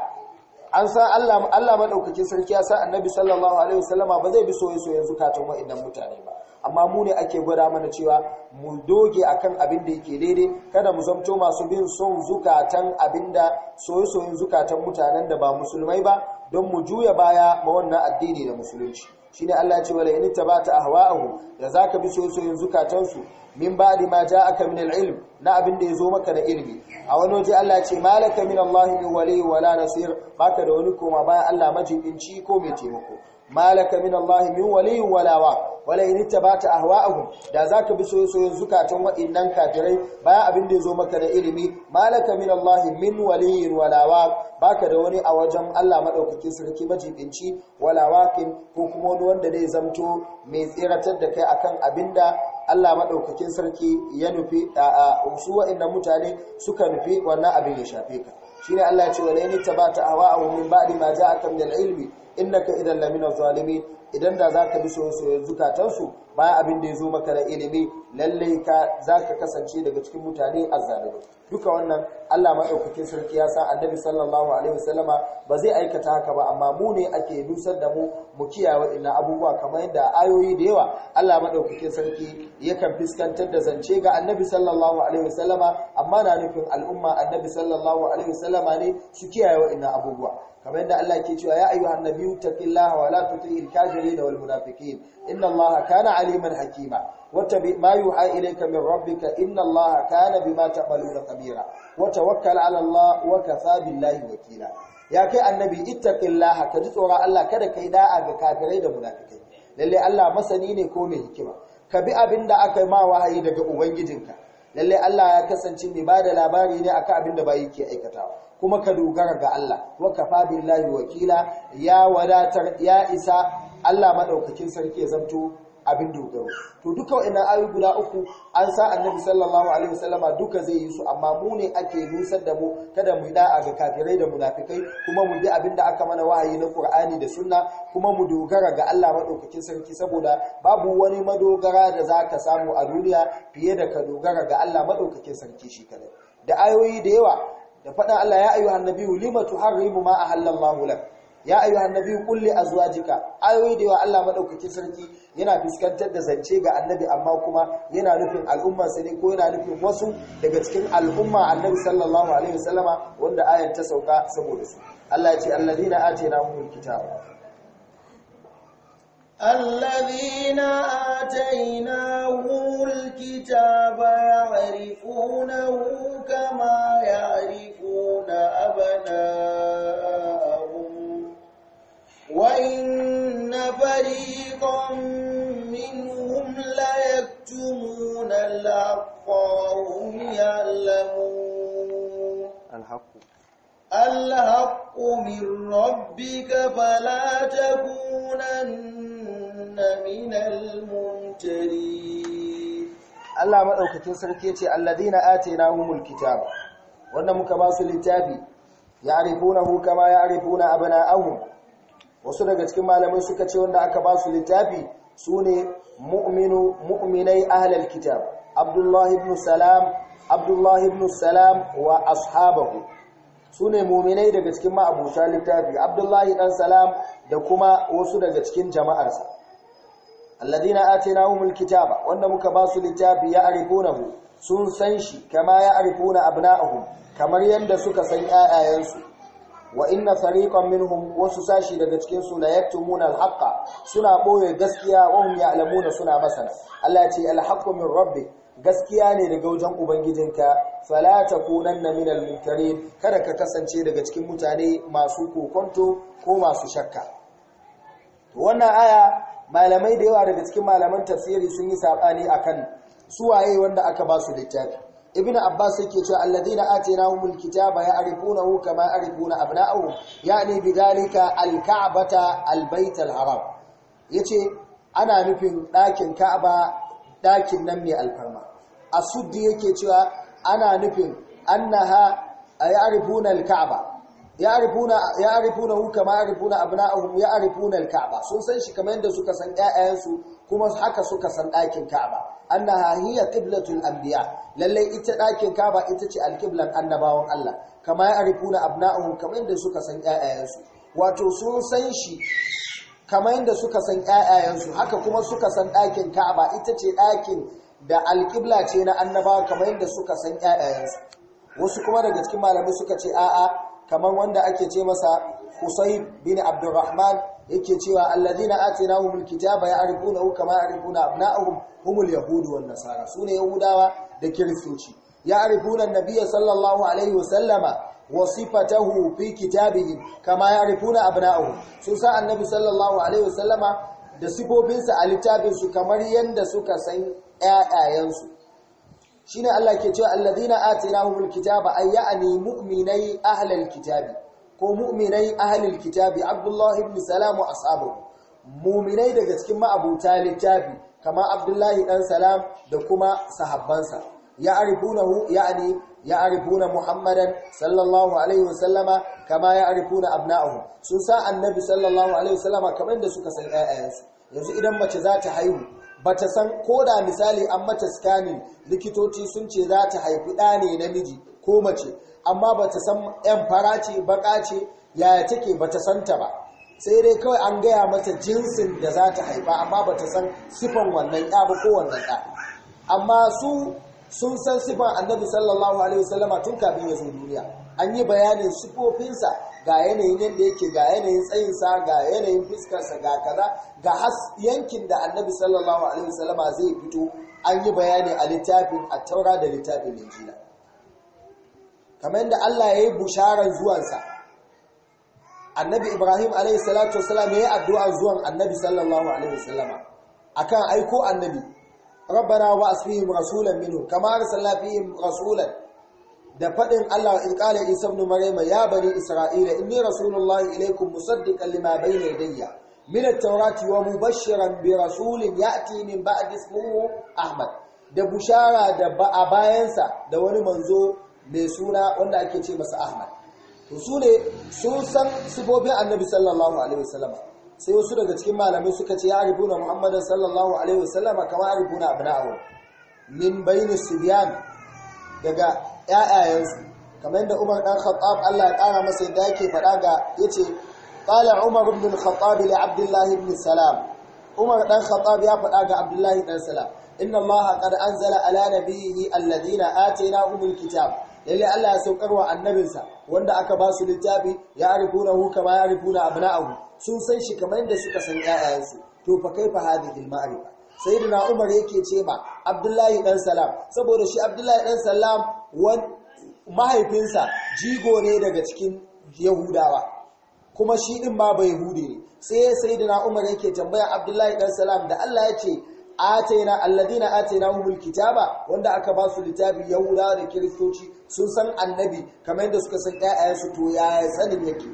an san Allah Allah madaukakin sarki ya sa Annabi sallallahu alaihi wasallama ba zai bi soyayyen zukatan waɗannan mutane ba amma mu ne ake gwada mana cewa mu doge akan abin da yake daidai kada mu zamto masu bin son zukatan abin da soyayyoyin zukatan mutanen da ba musulmai ba don mu juya baya ma wannan addini da musulunci shine Allah ya ce wala in tabata ahwa'ahu da zaka bi soyayyoyin zukatan su min ba'di ma ja'aka min al-ilm na abin da zo maka da ilimi a wani waje Allah ya ce malaka min Allah min wali wala nasir baka da wani koma bayan Allah majibinci ko mai taimako malaka min Allah min wali walawa wala in tabata ahwa'uhum da zaka bi soyoyin zukatan wa'innan kafirai Ba abin da yazo maka da ilimi malaka min Allah min wali walawa baka da wani a wajen Allah madaukakin sarki majibinci walawakin ko kuma wanda zai zamto mai tsiratar da kai akan abinda Allah madaukakin sarki ya nufi a su wa'innan mutane suka nufi wannan abin ya shafe ka shine Allah ya ce wala in tabata ahwa'uhum min ba'di ma ja'aka min al-ilmi innaka idan lamina zalimin idan da za ka bi soyayen zukatansu bayan abin da ya zo maka na ilimi lallai ka za ka kasance daga cikin mutane a azzalimi duka wannan Allah maɗaukakin sarki ya sa annabi sallallahu alaihi wasallama ba zai aikata haka ba amma mu ne ake dusar da mu mu kiyaye ina abubuwa kamar yadda ayoyi da yawa Allah maɗaukakin sarki yakan fiskantar da zance ga annabi sallallahu alaihi wasallama amma na nufin al'umma annabi sallallahu alaihi wasallama ne su kiyaye ina abubuwa kamar yadda Allah ke cewa ya ayyuhan nabiyyu taqillaha wa la tuti'il kafirin الكافرين والمنافقين إن الله كان عليما حكيما واتبع ما يوحى إليك من ربك إن الله كان بما تعملون خبيرا وتوكل على الله وكفى بالله وكيلا يا كي النبي اتق الله كجي الله kada kai da'a ga kafirai da munafikai Lallai Allah masani ne ko mai hikima ka bi abin da aka ma wahayi daga ubangijinka Lallai Allah ya kasance mai bada labari ne akan abin da bai ke aikatawa kuma ka dogara ga Allah wa kafa billahi wakila ya wadatar ya isa Allah maɗaukakin sarki ya zamto abin dogaro to duka ina ayi guda uku an sa annabi sallallahu alaihi wasallama duka zai yi su amma mu ne ake nusar da mu kada mu da'a ga kafirai da munafikai kuma mu bi abin da aka mana wahayi na Qur'ani da Sunna kuma mu dogara ga Allah maɗaukakin sarki saboda babu wani madogara da zaka samu a duniya fiye da ka dogara ga Allah madaukakin sarki shi kadai da ayoyi da yawa da faɗan Allah ya ayyuhan nabiyyu lima tuharrimu ma ahallallahu lak ya ayyuha annabi qul li azwajika ayoyi da yawa Allah madaukakin sarki yana fuskantar da zance ga annabi amma kuma yana nufin al'ummar sa ne ko yana nufin wasu daga cikin al'umma annabi sallallahu alaihi wasallama wanda ayar ta sauka saboda su Allah ya ce alladina atainahumul kitaba الذين آتيناهم الكتاب يعرفونه kama ya'rifuna abana وإن فريقا منهم ليكتمون الحق وهم يعلمون الحق الحق من ربك فلا تكونن من الممترين الله مدaukakin sarki yace alladina atainahumul kitaba wanda muka ba su littafi ya'rifunahu kama ya'rifuna abna'ahum wasu daga cikin malamai suka ce wanda aka ba su littafi su ne mu'minu mu'minai kitab abdullahi ibn salam abdullahi ibn salam wa ashabahu su ne mu'minai daga cikin ma'abuta littafi abdullahi Ɗansalam salam da kuma wasu daga cikin jama'arsa alladina atainahumul kitaba wanda muka ba su littafi ya arifunahu sun san shi kama ya arifuna abna'ahum kamar yadda suka san ƴaƴayensu wa inna fariqan minhum wasu sashi daga cikin su la yaktumuna al suna boye gaskiya wa hum ya'lamuna suna masana Allah ya ce al-haqqu min rabbik gaskiya ne daga wajen ubangijinka fala takunanna min mumtarin kada ka kasance daga cikin mutane masu kokonto ko masu shakka wannan aya malamai da yawa daga cikin malaman tafsiri sun yi sabani akan suwaye wanda aka ba su littafi ibn abbas yake cewa alladhina atainahumul kitaba ya'rifunahu kama ya'rifuna abna'ahum yani bidhalika alka'bata albaytal haram yace ana nufin ɗakin ka'aba ɗakin nan mai alfarma asuddi yake cewa ana nufin annaha ya'rifuna alka'ba ya'rifuna ya'rifunahu kama ya'rifuna abna'ahum ya'rifuna al sun san shi kamar yadda suka san ƴaƴayensu kuma haka suka san ɗakin ka'aba annaha hiya qiblatul anbiya lalle ita ɗakin ka'aba ita ce alqiblan annabawan Allah kama ya'rifuna abna'ahum kamar yadda suka san ƴaƴayensu wato sun san shi kamar yadda suka san ƴaƴayensu haka kuma suka san ɗakin ka'aba ita ce ɗakin da alƙibla ce na annabawa kamar yadda suka san ƴaƴayensu wasu kuma daga cikin malamai suka ce a'a kamar wanda ake ce masa Husayb bin Abdurrahman yake cewa alladhina atinahumul kitaba ya'rifunahu kama ya'rifuna abna'ahum humul yahudu wan nasara sune yahudawa da kiristoci ya'rifuna an-nabiyya sallallahu alaihi wa sallama wasifatahu fi kitabihim kama ya'rifuna abna'ahum sun sa annabi sallallahu alaihi sallama da sifofinsa a littafin su kamar yanda suka san ƴaƴayensu shine Allah ke cewa alladhina atinahumul kitaba ay mu'minai ahlal kitabi ko mu'minai ahlal kitabi Abdullah ibn Salam wa ashabu mu'minai daga cikin ma'abuta littafi kama Abdullahi dan Salam da kuma sahabbansa ya'rifunahu ya'ni ya'rifuna Muhammadan sallallahu alaihi wasallama kama ya'rifuna abna'ahum sun sa annabi sallallahu alaihi wasallama kamar da suka san ƴaƴayensu yanzu idan mace za ta haihu ba ta san ko da misali an mata scanning likitoci sun ce za ta haifi ɗa ne namiji ko mace amma ba ta san yan fara ce baka ce yaya take ba ta santa ba sai dai kawai an gaya mata jinsin da za ta haifa amma ba ta san sifan wannan ya ba ko wannan ɗa amma su sun san sifan annabi sallallahu alaihi wasallama tun kafin ya zo duniya an yi bayanin sifofinsa ga yanayin yadda yake ga yanayin tsayinsa ga yanayin fuskarsa ga kaza ga yankin da annabi sallallahu alaihi wasallama zai fito an yi bayani a littafin a taura da littafin injila kamar da Allah ya yi busharar zuwansa annabi ibrahim alaihi salatu wasallam ya yi addu'ar zuwan annabi sallallahu alaihi wasallama akan aiko annabi rabbana wa asfihim rasulan minhu kama arsalna fihim rasulan da faɗin Allah in qala Isa ibn Maryam ya bani Isra'ila inni rasulullahi ilaykum musaddiqan lima bayna yadayya min at-taurati wa mubashshiran bi rasulin ya'ti min ba'di ismihi Ahmad da bushara da bayan bayansa da wani manzo mai suna wanda ake ce masa Ahmad to su ne sun san sifofin Annabi sallallahu alaihi wasallam sai wasu daga cikin malamai suka ce ya rubuna Muhammadan sallallahu alaihi wasallam kamar rubuna abna'u min bayni sibyan daga ƴaƴayensu kamar da Umar dan Khattab Allah ya ƙara masa yadda yake faɗa ga yace qala Umar ibn al-Khattab li Abdullah ibn Salam Umar dan Khattab ya faɗa ga Abdullah dan Salam inna Allah qad anzala ala nabiyhi alladhina atainahumul kitab lalle Allah ya wa annabinsa wanda aka ba su littafi ya arifunahu kama ya arifuna abna'ahu sun san shi kamar yadda suka san ƴaƴayensu to fa kaifa hadhihi al-ma'rifa sayyidina Umar yake ce ma abdullahi ɗan salam saboda shi abdullahi ɗan salam mahaifinsa jigo ne daga cikin yahudawa kuma shi ɗin ma bai hude ne sai sai da umar yake tambaya abdullahi ɗan salam da allah ya ce ataina alladina atainahumul kitaba wanda aka ba su littafi yahudawa da kiristoci sun san annabi kamar yadda suka san ƴaƴansu to ya sanin yake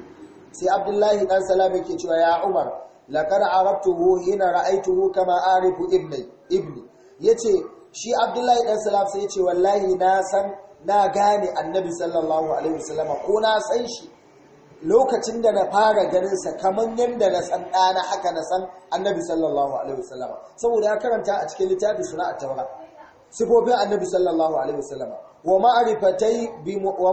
sai abdullahi ɗan salam yake cewa ya umar laqad arabtuhu hina ra'aytuhu kama arifu ibni ibni yace shi abdullahi ɗan salam sai ce wallahi na san na gane annabi sallallahu alaihi wasallama ko na san shi lokacin da na fara ganin sa kamar yanda na san ɗana haka na san annabi sallallahu alaihi wasallama saboda ya karanta a cikin littafi a taura sifofin annabi sallallahu alaihi wasallama wa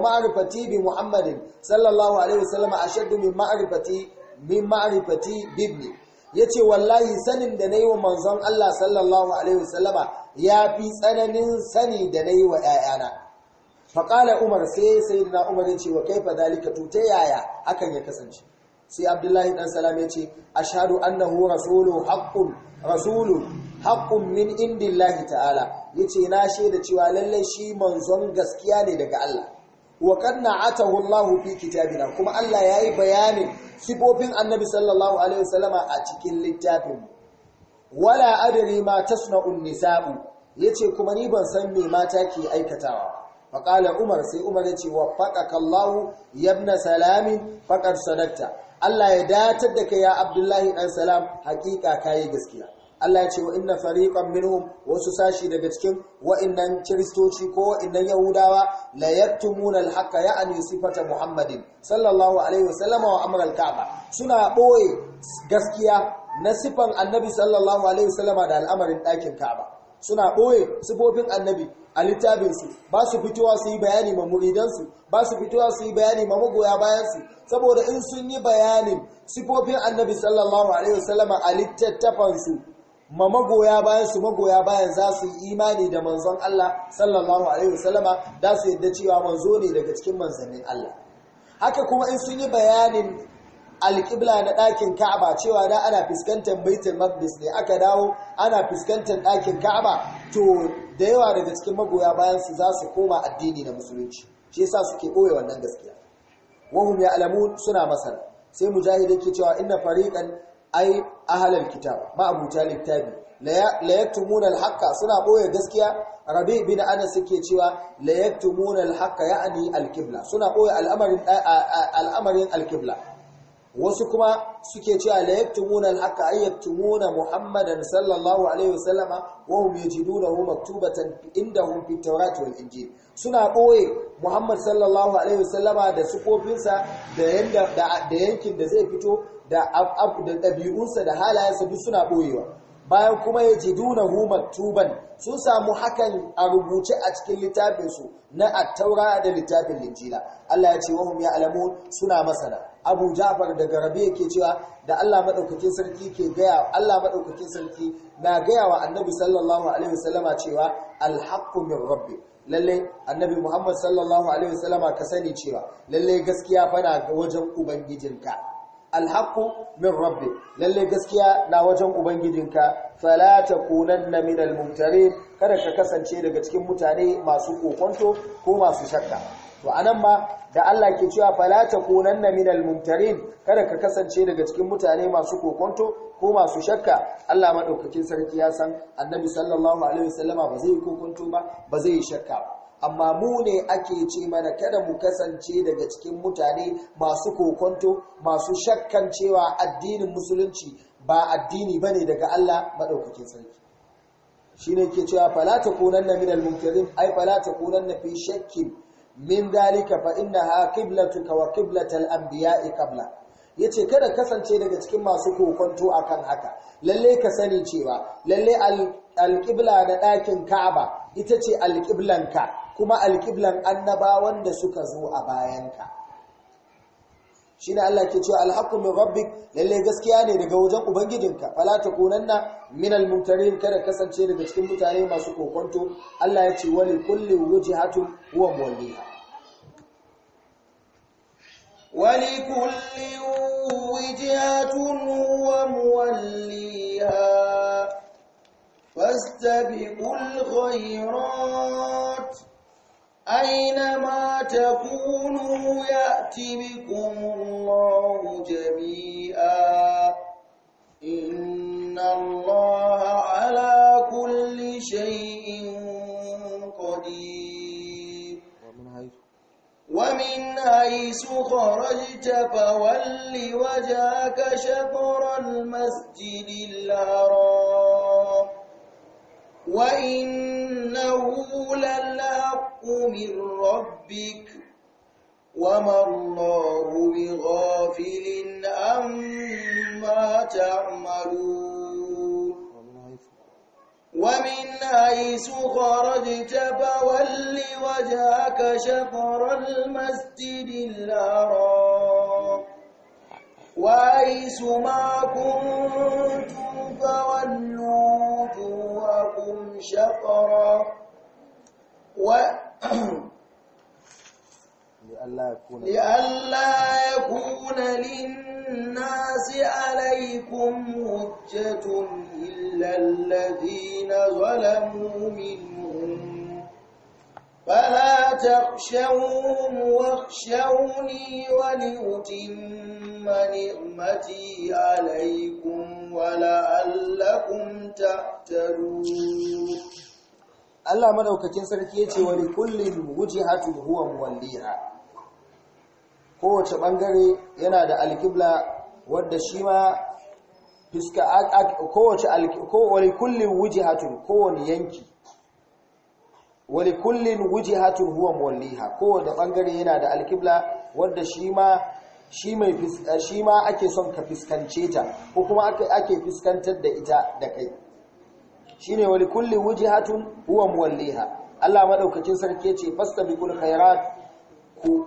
ma'arifati bi muhammadin sallallahu alaihi wasallama a min min ma'arifati bibni ya ce wallahi sanin da na yi wa manzon Allah sallallahu Alaihi wasallama ya fi tsananin sani da na yi wa ‘ya'yana. faƙala umar sai sai na umar ya ce wa kaifa dalika tuta yaya hakan ya kasance sai abdullahi ɗan salam ya ce ashadu annahu rasulu rasulu haƙƙun min indillahi ta'ala yace na shaida cewa lallai shi manzon gaskiya ne daga Allah wa qad na'atahu Allah fi kitabina kuma Allah yayi bayanin sifofin Annabi sallallahu alaihi wasallama a cikin littafin wala adri ma tasna'un nisa'u yace kuma ni ban san me mata ke aikatawa fa qala Umar sai Umar yace wa faqaka Allah yabna salamin faƙar sadaqta Allah ya datar da kai ya Abdullahi dan salam hakika kai gaskiya Allah ya ce wa inna fariqan minhum wasu sashi daga cikin wa'innan kiristoci ko wa'innan yahudawa la yaktumuna al-haqqa ya'ni sifata muhammadin sallallahu alaihi wasallama wa amr al-ka'ba suna boye gaskiya na sifan annabi sallallahu alaihi wasallama da al'amarin ɗakin ka'ba suna ɓoye sifofin annabi a littafinsu ba su fitowa su yi bayani ma muridansu ba su fitowa su yi bayani ma magoya su saboda in sun yi bayanin sifofin annabi sallallahu alaihi wasallama a littattafansu ma magoya bayan su magoya bayan za su yi imani da manzon Allah sallallahu alaihi wasallama da su yadda cewa manzo ne daga cikin manzannin Allah haka kuma in sun yi bayanin alƙibla na ɗakin Ka'aba cewa da ana fuskantar Baitul Maqdis ne aka dawo ana fuskantar ɗakin Ka'aba to da yawa daga cikin magoya bayan su za su koma addini na musulunci shi yasa suke ɓoye wannan gaskiya wahum ya'lamun suna masana sai mujahid yake cewa inna fariqan ai ahlal kitab ma talib littafi la yaktumuna al-haqqa suna boye gaskiya rabi bin anas yake cewa la yaktumuna al-haqqa ya'ni al-qibla suna boye al'amarin al'amarin al-qibla wasu kuma suke cewa la yaktumuna al-haqqa ay muhammadan sallallahu alaihi wasallama wa hum yajidunahu maktubatan indahum fit tawrat wal injil suna boye Muhammad sallallahu alaihi wasallama da sukofinsa da da yankin da zai fito da da ɗabi'unsa da halayensa duk suna ɓoyewa bayan kuma ya ji duna humar tuban sun samu hakan a rubuce a cikin littafinsu na attaura da littafin linjila Allah ya ce wahum ya alamu suna masana abu jafar daga rabe yake cewa da Allah maɗaukakin sarki ke gaya Allah maɗaukakin sarki na gaya wa annabi sallallahu alaihi wasallama cewa alhaqqu min rabbi lalle annabi Muhammad sallallahu alaihi wasallama ka sani cewa lalle gaskiya fana wajen ubangijinka alhaqu min rabbi lalle gaskiya na wajen ubangijinka fala takunanna min almumtarin kada ka kasance daga cikin mutane masu kokonto ko masu shakka to anan ma da Allah ke cewa fala takunanna minal mumtarin kada ka kasance daga cikin mutane masu kokonto ko masu shakka Allah madaukakin sarki ya san annabi sallallahu alaihi wasallama ba zai kokonto ba ba zai shakka ba amma mu ne ake ce mana kada mu kasance daga cikin mutane masu kokonto masu shakkan cewa addinin musulunci ba addini bane daga Allah madaukakin sarki shine ke cewa fala takunanna minal mumtarin ai fala takunanna fi shakkin min dalika fa kiblatu qiblatuka wa qiblatal anbiya'i qabla yace kada kasance daga cikin masu kokonto akan haka lalle ka sani cewa lalle alqibla da ɗakin Ka'aba ita ce alqiblanka kuma alqiblan annabawan da suka zo a bayanka shine Allah ke cewa alhaqqu min rabbik lalle gaskiya ne daga wajen ubangijinka fala takunanna minal mumtarin kada kasance daga cikin mutane masu kokonto Allah ya ce wali kulli wujhatun huwa mawliha ولكل وجهة هو موليها فاستبقوا الخيرات أينما تكونوا يأت بكم الله جميعا إن الله على كل شيء قدير ومن حيث خرجت فول وجهك شطر المسجد الحرام وإنه للحق من ربك وما الله بغافل عما تعملون ومن حيث خرجت فول وجهك شطر المسجد الحرام وحيث ما كنتم فولوا وجوهكم شطرا Iyalla ya ƙunani nasu alaikum waje tun illallai na zola numin mu. Bala tafshan mu washe wani mutum mani maji alaikum wala alaikum ta taru. Allah maɗa sarki ya ce wani kullum mu wuji haɗu huwa muhallira. kowace bangare yana da alkibla wadda shi ma fiska kowace alƙibla kullin wujihatun kowane yanki wali kullin wujihatun huwa muwalliha kowace bangare yana da alkibla wadda shi ma shi mai fiska eh, shi ma ake son ka fiskance ta ko kuma ake fiskantar da ita da kai shi shine wali kulli wujihatun huwa muwalliha Allah madaukakin sarki ce yace fastabiqul khairat ku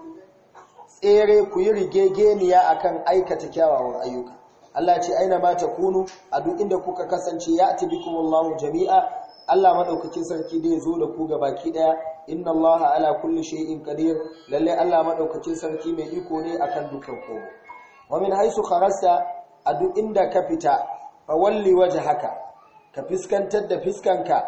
tsere ku yi rigegeniya akan aikata kyawawan ayyuka Allah ce aina ma Kunu, a duk inda kuka kasance ya atibikumullahu jami'a Allah madaukakin sarki da zo da ku baki daya inna Allah ala kulli shay'in qadir lalle Allah madaukakin sarki mai iko ne akan dukkan komai wa min haisu kharasta a duk inda ka fita fa walli wajhaka ka fiskantar da fiskanka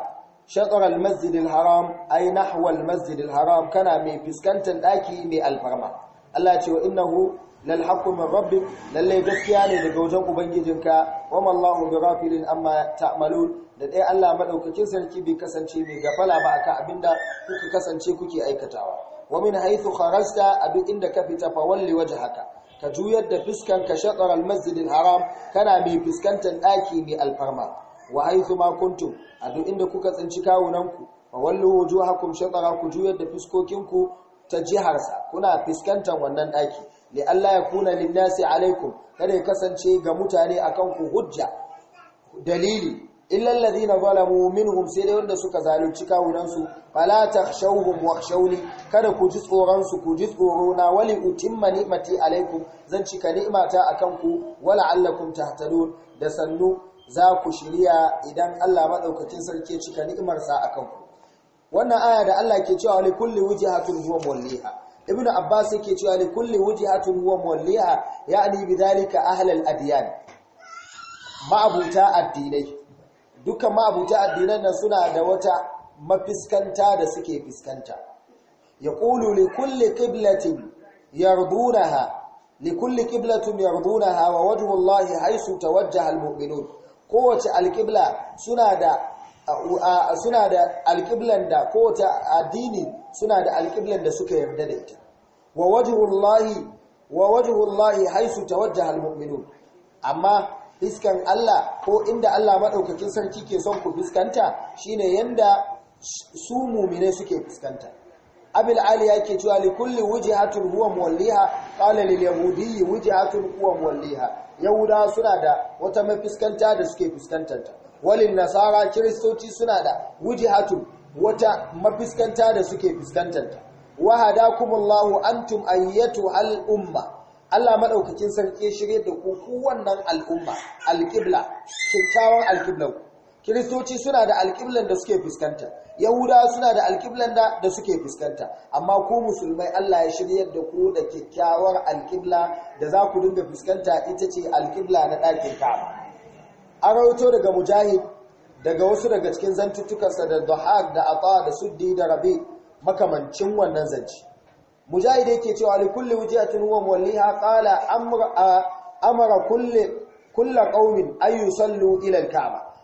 shatar masjidil haram ay nahwa masjidil haram kana mai fiskantar daki mai alfarma Allah ce wa innahu lal haqqu rabbik lalle gaskiya ne daga wajen ubangijinka wa mallahu bighafilin amma ta'malun da dai Allah madaukakin sarki bai kasance mai gafala ba akan abinda kuka kasance kuke aikatawa wa min haythu kharajta a inda ka fita fa walli wajhaka ka juyar da fiskanka shatar al-masjid al-haram kana mai fuskantar daki mai alfarma wa haythu ma kuntum a inda kuka tsinci kawunanku fa wallu wujuhakum shatara ku juyar da fiskokinku ta jiharsa kuna fiskantar wannan ɗaki li Allah ya kuna nasi alaikum kada ya kasance ga mutane akan ku hujja dalili illal ladina zalamu minhum sai dai wanda suka zalunci kawunansu. su fala takhshawhum wakhshawni kada ku ji tsoron su ku ji tsoro na wali utimma ni'mati alaikum zan cika ni'mata akan ku wala allakum tahtadun da sannu za ku shirya idan Allah madaukakin sarki ya cika ni'imarsa akan ku wannan aya da Allah ke cewa li kulli wujhatin huwa mawliha ibnu abbas yake cewa li kulli wujhatin huwa mawliha ya'ni bidhalika ahli al-adyan ma'abuta addinai duka ma'abuta addinan nan suna da wata mafiskanta da suke fiskanta yaqulu li kulli qiblatin yardunaha li kulli qiblatin yardunaha wa wajhu allahi haythu tawajjaha al-mu'minun kowace alqibla suna da suna da alƙiblan da kowace addini suna da alƙiblan da suka yarda da ita wa wajhullahi wa wajhullahi haisu tawajjaha almu'minun amma fiskan Allah ko inda Allah madaukakin sarki ke son ku fiskanta shine yanda su mu'mine suke fiskanta abil ali yake cewa li kulli wujhatun huwa muwalliha qala lil yahudi wujhatun huwa muwalliha yahuda suna da wata mafiskanta da suke fiskantanta walin nasara kiristoci suna da wujihatun wata mafiskanta da suke fiskantanta wa hadakumullahu antum ayyatu al'umma. Allah maɗaukakin sarki ya shirye da ku ku wannan al'umma alqibla kyakkyawan alqibla kiristoci suna da alqiblan da suke fuskanta Yahuda suna da alqiblan da suke fuskanta amma ku musulmai Allah ya shirye da ku da kyakkyawar alqibla da za ku dinga fuskanta ita ce alqibla na ɗakin kama. an rawaito daga mujahid daga wasu daga cikin zantuttukansa da dhahak da ata da suddi da rabi makamancin wannan zanci mujahid yake cewa li kulli wujatin huwa muwalliha qala amra amara kulli kullu qaumin ay yusallu ila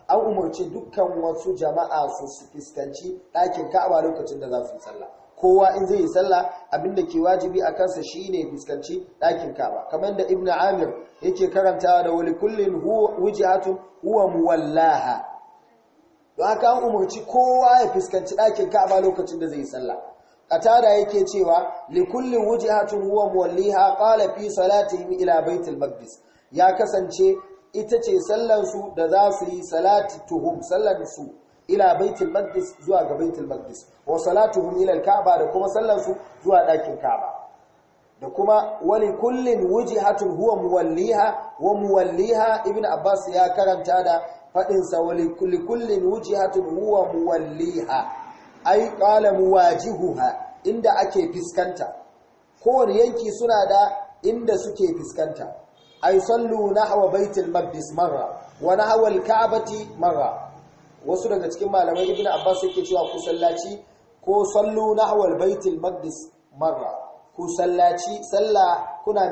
an umarci dukkan wasu jama'a su fuskanci ɗakin ka'aba lokacin da za su yi sallah kowa in zai yi sallah abinda ke wajibi a kansa shine fuskanci ɗakin kaba kamar da ibn amir yake karantawa da wali kullin hatun, uwan muwallaha don haka an umarci kowa ya fuskanci ɗakin kaba lokacin da zai yi sallah A qatada yake cewa likullin kulli hatun, uwan muwalliha ƙala fi salatihim ila baitul maqdis ya kasance ita ce sallansu da za su yi salatu tuhum sallansu ila baitul maqdis zuwa ga baitul maqdis wa salatuhum ila al-ka'ba da kuma sallansu zuwa dakin ka'ba da kuma wali kullin wujihatun huwa muwalliha wa muwalliha ibnu abbas ya karanta da fadin sa wali kullin wujihatun huwa muwalliha ai qala muwajihuha inda ake fiskanta kowani yanki suna da inda suke fiskanta ay sallu nahwa baitul maqdis marra wa nahwa al-ka'bati marra wasu daga cikin malamai ibn abbas suke cewa ku sallaci ko sallu nahwal baitul maqdis marra ku sallaci sallah kuna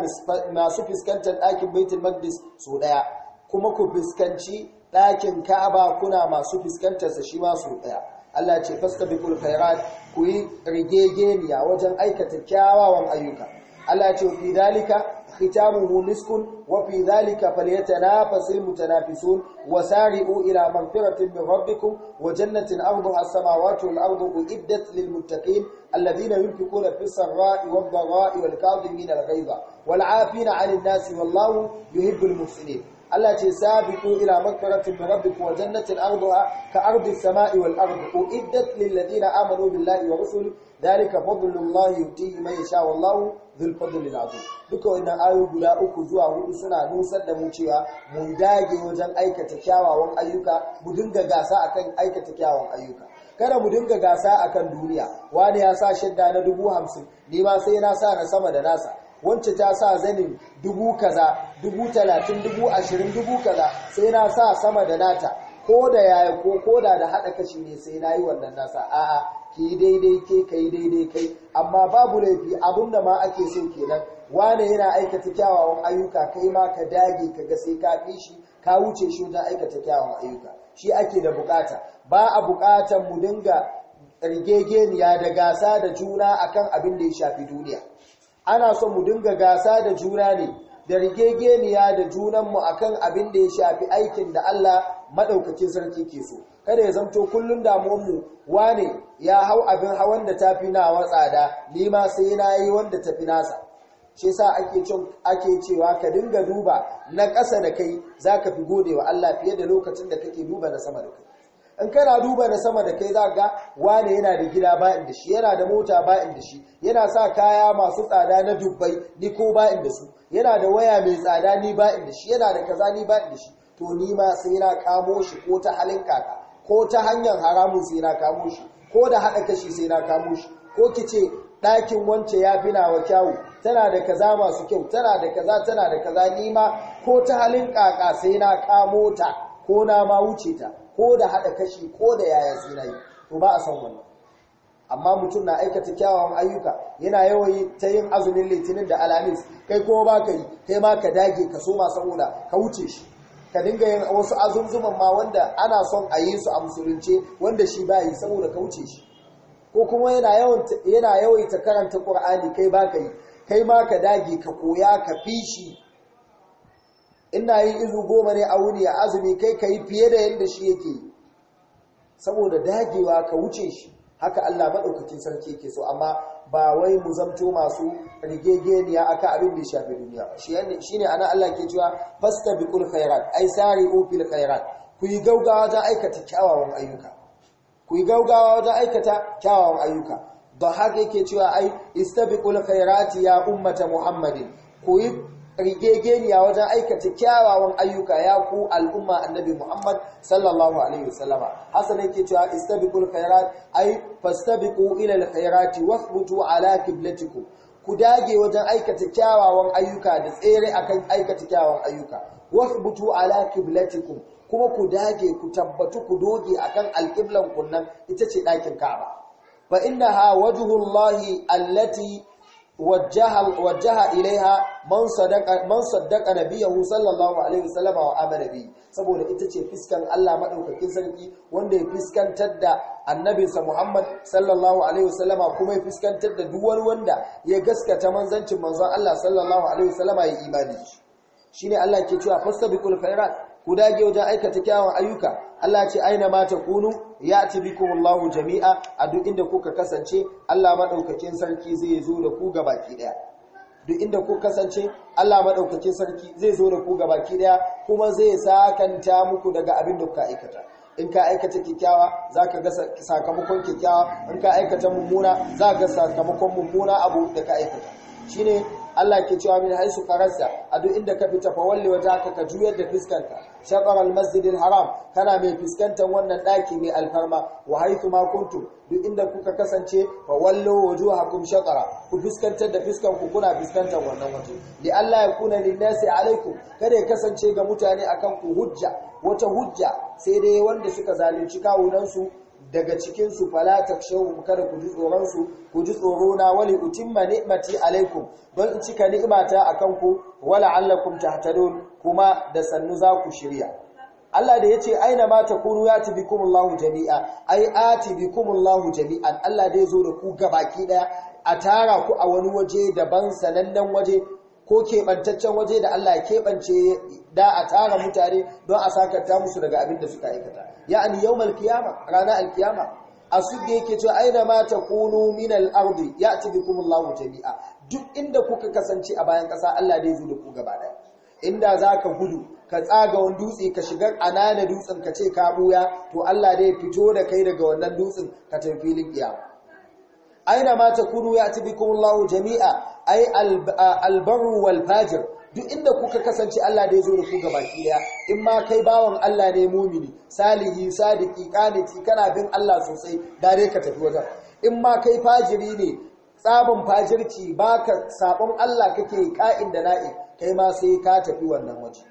masu fuskantar ɗakin baitul maqdis su daya kuma ku fuskanci ɗakin ka'aba kuna masu fiskantar sa shi ma su daya Allah ce fastabiqul khairat ku yi rigegeniya wajen aikata kyawawan ayyuka Allah ce fi dalika ختامه مسك وفي ذلك فليتنافس المتنافسون وسارعوا إلى مغفرة من ربكم وجنة أرضها السماوات والأرض أعدت للمتقين الذين ينفقون في السراء والضراء والكاظمين الغيظ والعافين عن الناس والله يحب المحسنين Allah ce sabiqu ila magfiratin min rabbikum wa jannatin arduha ka ardi samai wal ardi uiddat lil ladina amanu billahi wa rusul dalika fadlullahi yutihi man yasha wallahu dhul fadli azim duka wannan ayoyi guda uku zuwa hudu suna nusar da mu cewa mu dage wajen aikata kyawawan ayyuka mu dinga gasa akan aikata kyawawan ayyuka kada mu dinga gasa akan duniya wani ya sa shidda na dubu hamsin ni sai na sa na sama da nasa wance ta sa zanin dubu kaza dubu talatin dubu ashirin dubu kaza sai na sa sama da nata ko da yaya ko ko da da haɗa kashi ne sai na yi wannan nasa a'a ki daidai ke kai daidai kai amma babu laifi abin da ma ake so kenan wane yana aikata kyawawan ayyuka kai ma ka dage ka ga sai ka fi shi ka wuce shi wajen aikata kyawawan ayyuka shi ake da bukata ba a bukatan mu dinga rigegeniya da gasa da juna akan abin da ya shafi duniya ana so mu dinga gasa da juna ne da rigegeniya da junanmu a kan abin da ya shafi aikin da Allah maɗaukacin sarki ke so kada ya zamto kullum damuwanmu wane ya hau abin hawan da ta fi nawa tsada ni ma sai na yi wanda ta fi nasa shi sa ake ake cewa ka dinga duba na ƙasa da kai za ka fi gode wa Allah fiye da lokacin da kake duba na sama da kai in kana duba na sama da kai za ga wane yana da gida ba inda shi yana da mota ba inda shi yana sa kaya masu tsada na dubbai ni ko ba inda su yana da waya mai tsada ni ba inda shi yana da kaza ni ba inda shi to ni ma sai na kamo shi ko ta halin kaka ko ta hanyar haramun sai na kamo shi ko da haɗa kashi sai na kamo shi ko ki ce ɗakin wance ya fi nawa kyawu tana da kaza masu kyau tana da kaza tana da kaza ni ma ko ta halin kaka sai na kamo ta ko na ma wuce ta ko da haɗa kashi ko da yaya sai yi to ba a san wannan amma mutum na aikata kyawawan ayyuka yana yawan ta yin azumin litinin da alamis kai ko ba ka yi kai ma ka dage ka soma saboda ka wuce shi ka dinga yin wasu azumzuman ma wanda ana son a yi su a musulunce wanda shi ba yi saboda ka wuce shi ko kuma yana yawai ta yawaita karanta ƙur'ani kai ba ka yi kai ma ka dage ka koya ka fi shi ina yin izu goma ne a wuni a azumi kai ka yi fiye da yadda shi yake saboda dagewa ka wuce shi haka Allah maɗaukacin sarki yake so amma ba wai mu zamto masu rigegeniya akan abin da ya shafi duniya shi ne ana Allah ke cewa fasta bi kul khairat ai sari fil khairat ku yi gaugawa wajen aikata kyawawan ayyuka ku yi gaugawa wajen aikata kyawawan ayyuka ba haka yake cewa ai istabiqul khairati ya ummata muhammadin ku yi rigegeniya wajen aikata kyawawan ayyuka ya ku al'umma annabi Muhammad sallallahu alaihi wasallama hasan yake cewa istabiqul khairat ay fastabiqu ila alkhairati wasbutu ala qiblatikum ku dage wajen aikata kyawawan ayyuka da tsere akan aikata kyawawan ayyuka wasbutu ala qiblatikum kuma ku dage ku tabbatu ku doge akan alqiblan kunnan ita ce dakin Ka'aba fa innaha wajhullahi allati wajjaha ilaiha man sadaka man saddaqa nabiyahu sallallahu wa amana bi saboda ita ce fiskan Allah madaukakin sarki wanda ya fiskantar da annabinsa Muhammad sallallahu alaihi wasallam kuma ya fiskantar da duwar wanda ya gaskata manzancin manzon Allah sallallahu alaihi wasallam ya imani shine Allah ke cewa fasabiqul khairat ku dage wajen aikata kyawun ayyuka Allah ce aina mata kunu ya ci wallahu jami'a a duk inda kuka kasance Allah madaukakin sarki zai zo da ku gabaki daya duk inda kuka kasance Allah madaukakin sarki zai zo da ku gabaki daya kuma zai sakanta muku daga abin da kuka aikata in ka aikata kikkiawa za ka ga sakamakon kikkiawa in ka aikata mummuna za ka ga sakamakon mummuna abu da ka aikata shine Allah ke cewa min haisu karasta a duk inda ka fita fa walli haka, ka juyar da fiskanka shaqar al-masjid haram kana mai fuskantar wannan daki mai alfarma wa haythu ma kuntu. duk inda kuka kasance fa wallu wujuhakum shaqara ku fiskantar da fiskan ku kuna fiskantar wannan waje li Allah ya kuna lin-nasi alaikum kada ya kasance ga mutane akan ku hujja wata hujja sai dai wanda suka zalunci kawunan su. daga cikin su fala takshawhum kada ku ji tsoron su ku ji tsoro na wali utimma ni'mati alaikum don in cika ni'mata akan ku wala allakum tahtadun kuma da sannu za ku shirya Allah da yace aina ma takunu yati bikumullahu jami'a ai ati bikumullahu jami'an Allah da yazo da ku gabaki daya a tara ku a wani waje daban sanannen waje ko keɓantaccen waje da Allah ya keɓance da a tara mutane don a sakanta musu daga abin da suka aikata ya'ani al qiyama ranar alkiyama da yake cewa aina ma kunu min al-ardi bi bikum Allah jami'a duk inda kuka kasance a bayan ƙasa Allah dai zo da ku gaba daya inda ka gudu ka tsaga wani dutse ka shiga anana dutsen ka ce ka buya to Allah dai fito da kai daga wannan dutsen ka tafi filin kiyama aina ma kunu ya bikum Allahu jami'a ai albarru wal fajir duk inda kuka kasance Allah da ya zo da ku gabaki ya, in ma kai bawan Allah ne mumini salihi sadiki qaniti kana bin Allah sosai dare ka tafi wajen in ma kai fajiri ne tsabin fajirci baka sabon Allah kake ka'in da na'i kai ma sai ka tafi wannan waje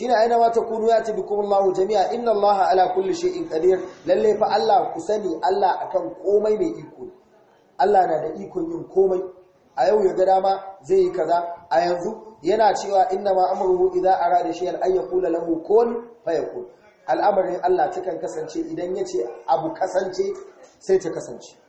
shine aina ma ta yati bikum Allahu jami'a inna Allaha ala kulli shay'in qadir lalle fa Allah ku sani Allah akan komai mai iko Allah na da ikon yin komai a yau ya ga dama zai yi kaza a yanzu yana cewa inna ma amruhu idza arada shay'an ay yaqula lahu kun fayakun al'amarin Allah takan kasance idan yace abu kasance sai ta kasance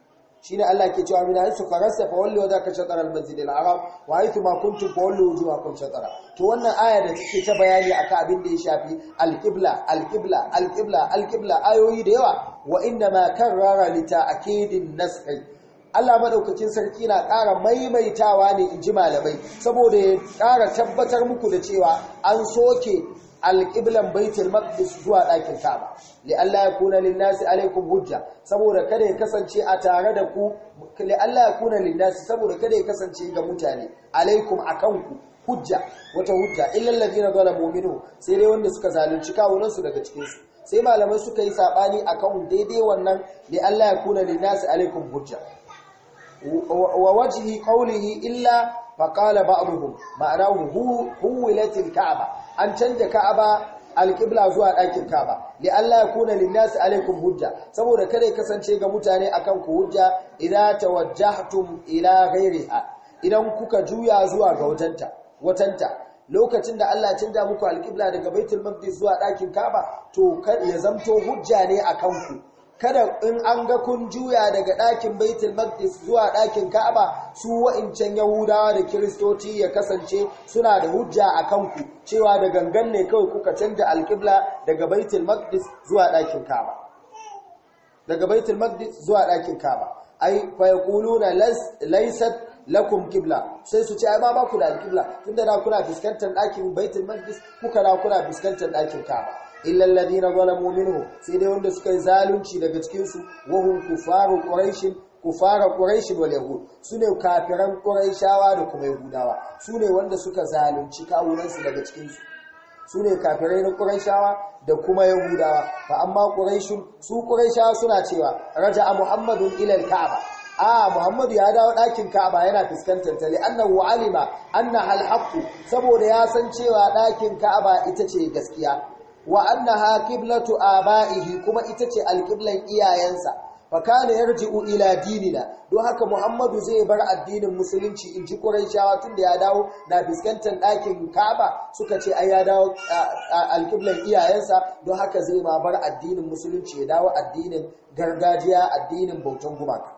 shine Allah ke cewa min su qarasta fa walli wadaka shatar al-masjid al-haram wa haythu ma kuntum fa walli wujuhakum shatara to wannan aya da take ta bayani akan abin da ya shafi al-qibla al-qibla al-qibla al-qibla ayoyi da yawa wa inna ma karrara li ta'kidin nas'i Allah madaukakin sarki na ƙara maimaitawa ne in ji malamai saboda ya ƙara tabbatar muku da cewa an soke alƙiblan baitul maqdis zuwa ɗakin Ka'aba li Allah ya kuna nasi alaikum hujja saboda kada ya kasance a tare da ku li Allah ya kuna nasi saboda kada ya kasance ga mutane alaikum akan ku hujja wata hujja illal ladina zalamu minhu sai dai wanda suka zalunci kawunan su daga cikin su sai malamai suka yi sabani akan daidai wannan li Allah ya kuna nasi alaikum hujja wa wajhi qawlihi illa faƙala ba'aruhu هو huwilatil ka'aba an canza ka'aba alƙibla zuwa ɗakin ka'aba li alla ya kuna linnasi alaikum hujja saboda ya kasance ga mutane akan ku hujja idan tawajjahtum ila ghayriha idan kuka juya zuwa ga watanta watanta lokacin da Allah canja muku alqibla daga baitul maqdis zuwa ɗakin ka'aba to ya zamto hujja ne akan ku kada in an ga kun juya daga ɗakin baitul maqdis zuwa ɗakin ka'aba su wa'incan yahudawa da kiristoci ya kasance suna da hujja a kanku cewa da gangan ne kawai kuka canja alƙibla daga baitul maqdis zuwa ɗakin ka'aba daga baitul maqdis zuwa ɗakin ka'aba ai fa yaquluna laysat lakum qibla sai su ce ai ma ba ku da alƙibla. tunda da kuna fuskantar ɗakin baitul maqdis kuka da kuna fuskantar ɗakin ka'aba illal ladina zalamu minhu sai dai wanda suka yi zalunci daga cikin su hum kufaru quraish kufara quraish wal yahud sune kafiran quraishawa da kuma yahudawa sune wanda suka zalunci kawunan su daga cikin su sune kafirai na quraishawa da kuma yahudawa fa amma quraish su quraishawa suna cewa raja'a muhammadun ila al-ka'ba a muhammadu ya dawo ɗakin ka'aba yana fuskantar ta li'annahu alima anna al saboda ya san cewa ɗakin ka'aba ita ce gaskiya wa annaha qiblatu abaihi kuma ita ce alqiblan iyayensa fa kana yarji'u ila dinina don haka muhammadu zai bar addinin musulunci in ji quraishawa da ya dawo na biskantan ɗakin kaaba suka ce ai ya dawo alqiblan iyayensa don haka zai ma bar addinin musulunci ya dawo addinin gargajiya addinin bautan gumaka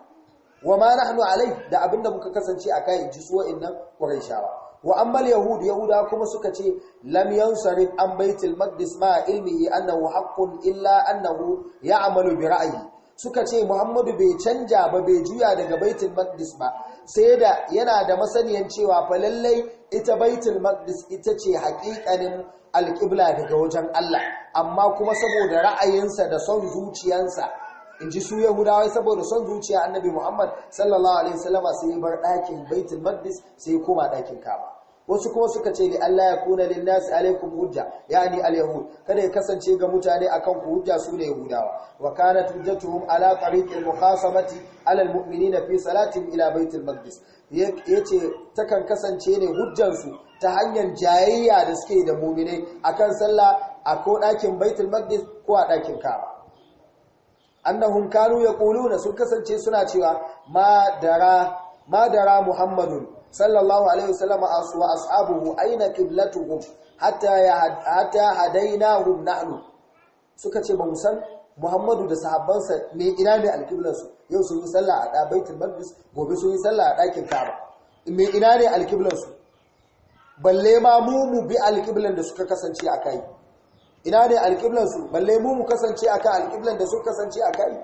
wa ma nahnu alai da abinda muka kasance akai in ji su wa'annan quraishawa wa ammal yahud yahuda kuma suka ce lam yansarif an baitul maqdis ma ilmihi annahu haqqun illa annahu ya'malu bi ra'yi suka ce muhammadu bai canja ba bai juya daga baitul maqdis ba sai da yana da masaniyan cewa fa lallai ita baitul maqdis ita ce haƙiƙanin alƙibla daga wajen Allah amma kuma saboda ra'ayinsa da son zuciyarsa. in ji su yahudawa saboda son zuciya annabi muhammad sallallahu alaihi sai ya bar ɗakin baitul maqdis sai ya koma ɗakin kaba wasu kuma suka ce li Allah ya kuna lin nasi alaikum hujja yani al yahud kada ya kasance ga mutane akan ku hujja su ne yahudawa wa kanat hujjatuhum ala tariqil mukhasamati ala al mu'minina fi salatin ila baitul maqdis yace takan kasance ne hujjan su ta hanyar jayayya da suke da mu'minai akan sallah a ko dakin baitul maqdis ko a dakin kaba annahum kanu yaquluna sun kasance suna cewa madara madara muhammadun sallallahu alaihi wasallam wa ashabuhu aina qiblatuhum hatta ya hatta hadainahum nahnu suka ce ba musan muhammadu da sahabbansa ne ina ne alqiblansu yau sun yi sallah a baitul maqdis gobe sun yi sallah a dakin kaaba me ina ne alqiblansu balle ma mu mu bi alqiblan da suka kasance akai ina ne su balle mu mu kasance a kan alƙiblan da su kasance a kai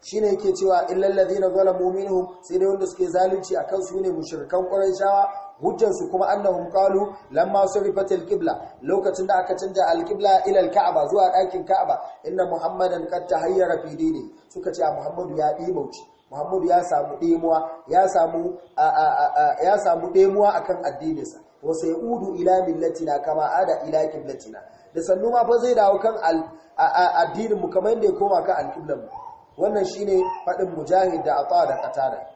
shi ne yake cewa in illallazi na zola mominihun sai dai wanda suke zalunci a su ne mushirkan ƙwarai shawa hujjansu kuma annahum qalu lamma surifat alqibla lokacin da aka canja alqibla ila ka'aba zuwa dakin ka'aba inna muhammadan qad tahayyara fi dini suka ce muhammadu ya dimauci muhammadu ya samu ɗemuwa ya samu ya samu dimuwa akan addininsa wa sayudu ila millatina kama ada ila qiblatina da sannu ma fa zai dawo kan addinin mu kamar yadda ya koma kan alƙiblan mu wannan shine faɗin mujahid da ata da qatada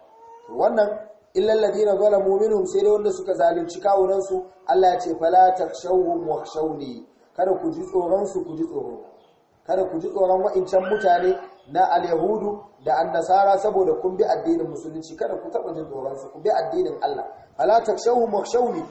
wannan illal ladina zalamu minhum sai dai wanda suka zalunci kawunan su Allah ya ce fala takshawhum wakhshawni kada ku ji tsoron su ku ji tsoro kada ku ji tsoron wa'incan mutane na al-yahudu da nasara saboda kun bi addinin musulunci kada ku taba jin tsoron su ku bi addinin Allah fala takshawhum wakhshawni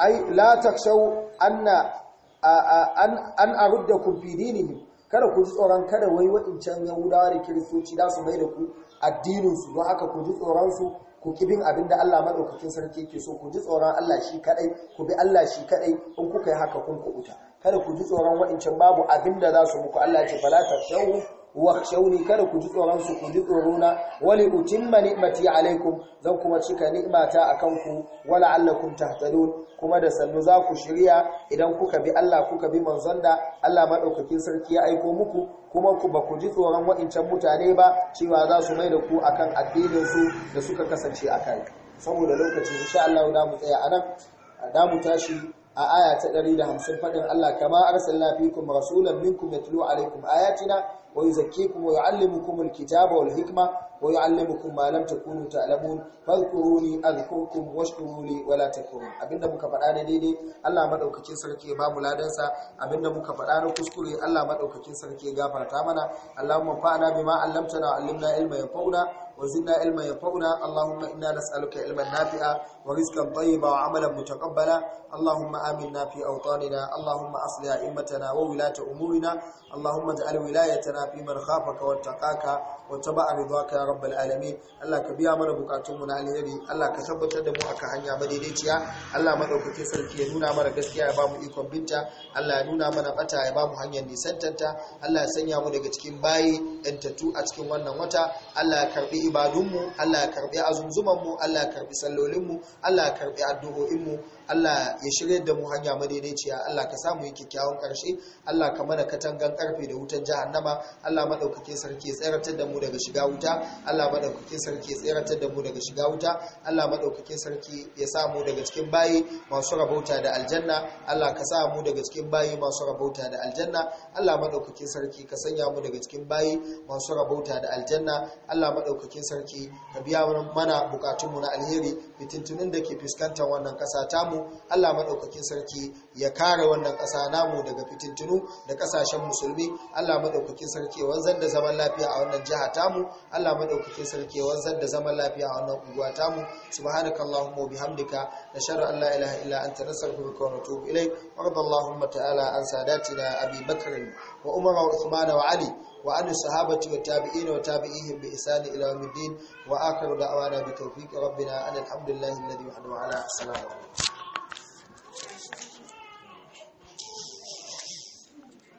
ai la takshaw anna an rudda ku fi ne. kada ku ji tsoron kada wai waɗancan yahudawa da kiristoci za su mai da ku addininsu don haka ku ji tsoronsu ku kibin abin da Allah maɗaukakin sarki ke so ku ji tsoron Allah shi kaɗai ku bi Allah shi kaɗai in kuka yi haka kun kuɓuta kada ku ji tsoron waɗancan babu abin da za su muku Allah ce fala ta wakhshawni kada ku ji tsoron su ku ji tsorona wali utimma ni'mati alaikum zan kuma cika ni'mata akan ku wala allakum tahtadun kuma da sannu za ku shirya idan kuka bi Allah kuka bi manzon da Allah madaukakin sarki ya aiko muku kuma ku ba ku ji tsoron waɗancan mutane ba cewa za su mai da ku akan addinin su da suka kasance akai saboda lokaci insha Allah da mu tsaya anan da mu tashi a aya ta ɗari da hamsin faɗin Allah kama arsalna fikum rasulan minkum yatlu alaykum ayatina wa yuzakkikum wa kuma alkitaba wal hikma wa yuallimukum ma lam takunu ta'lamun fadhkuruni adhkurkum washkuru wa la takfurun abinda muka faɗa ne daidai Allah madaukakin sarki ya bamu ladan sa abinda muka faɗa na kuskure Allah madaukakin sarki ya gafarta mana Allahumma fa'ana bima allamtana wa allimna ilma fauna. ya ina وزدنا علما ينفعنا اللهم إنا نسألك علما نافعا ورزقا طيبا وعملا متقبلا اللهم آمنا في أوطاننا اللهم أصلح أئمتنا وولاة أمورنا اللهم اجعل ولايتنا في من خافك واتقاك واتبع رضاك يا رب العالمين الله كبيا من بكاتمنا alheri Allah ka tabbatar da mu aka hanya madaidaiciya Allah madaukake sarki ya nuna mana gaskiya ya ba mu ikon binta Allah ya nuna mana bata ya ba mu hanyar nisantanta Allah ya sanya mu daga cikin bayi ɗantattu a cikin wannan wata Allah ya karbi ibadunmu Allah ya karbi azumzumanmu Allah ya karbi sallolinmu Allah ya karbi addu'o'inmu Allah ya shirya da mu hanya madaidaiciya Allah ka samu yi kyakkyawan ƙarshe Allah ka mana katangan karfe da wutan jahannama Allah maɗaukakin sarki tseratar da mu daga shiga wuta Allah maɗaukakin sarki tseratar da mu daga shiga wuta Allah maɗaukakin sarki ya samu mu daga cikin bayi masu rabauta da aljanna Allah ka sa mu daga cikin bayi masu rabauta da aljanna Allah maɗaukakin sarki ka sanya mu daga cikin bayi masu rabauta da aljanna Allah maɗaukakin sarki ka biya mana bukatunmu na alheri fitintunin da ke fuskantar wannan ƙasa tamu Allah maɗaukakin sarki ya kare wannan ƙasa namu daga fitintunu da ƙasashen musulmi Allah maɗaukakin sarki ya wanzar da zaman lafiya a wannan jiha tamu Allah maɗaukakin sarki ya wanzar da zaman lafiya a wannan unguwa tamu subhanakallahumma wa bihamdika nashhadu an la ilaha illa anta nastaghfiruka wa natubu ilayk wa radallahu ta'ala an sadatina abi bakr wa umar wa wa ali wa an sahabati wa tabi'ina wa tabi'ihim bi ihsani ila yawmiddin wa akhiru da'wana bi tawfiqi rabbina alhamdulillahi alladhi wahdahu ala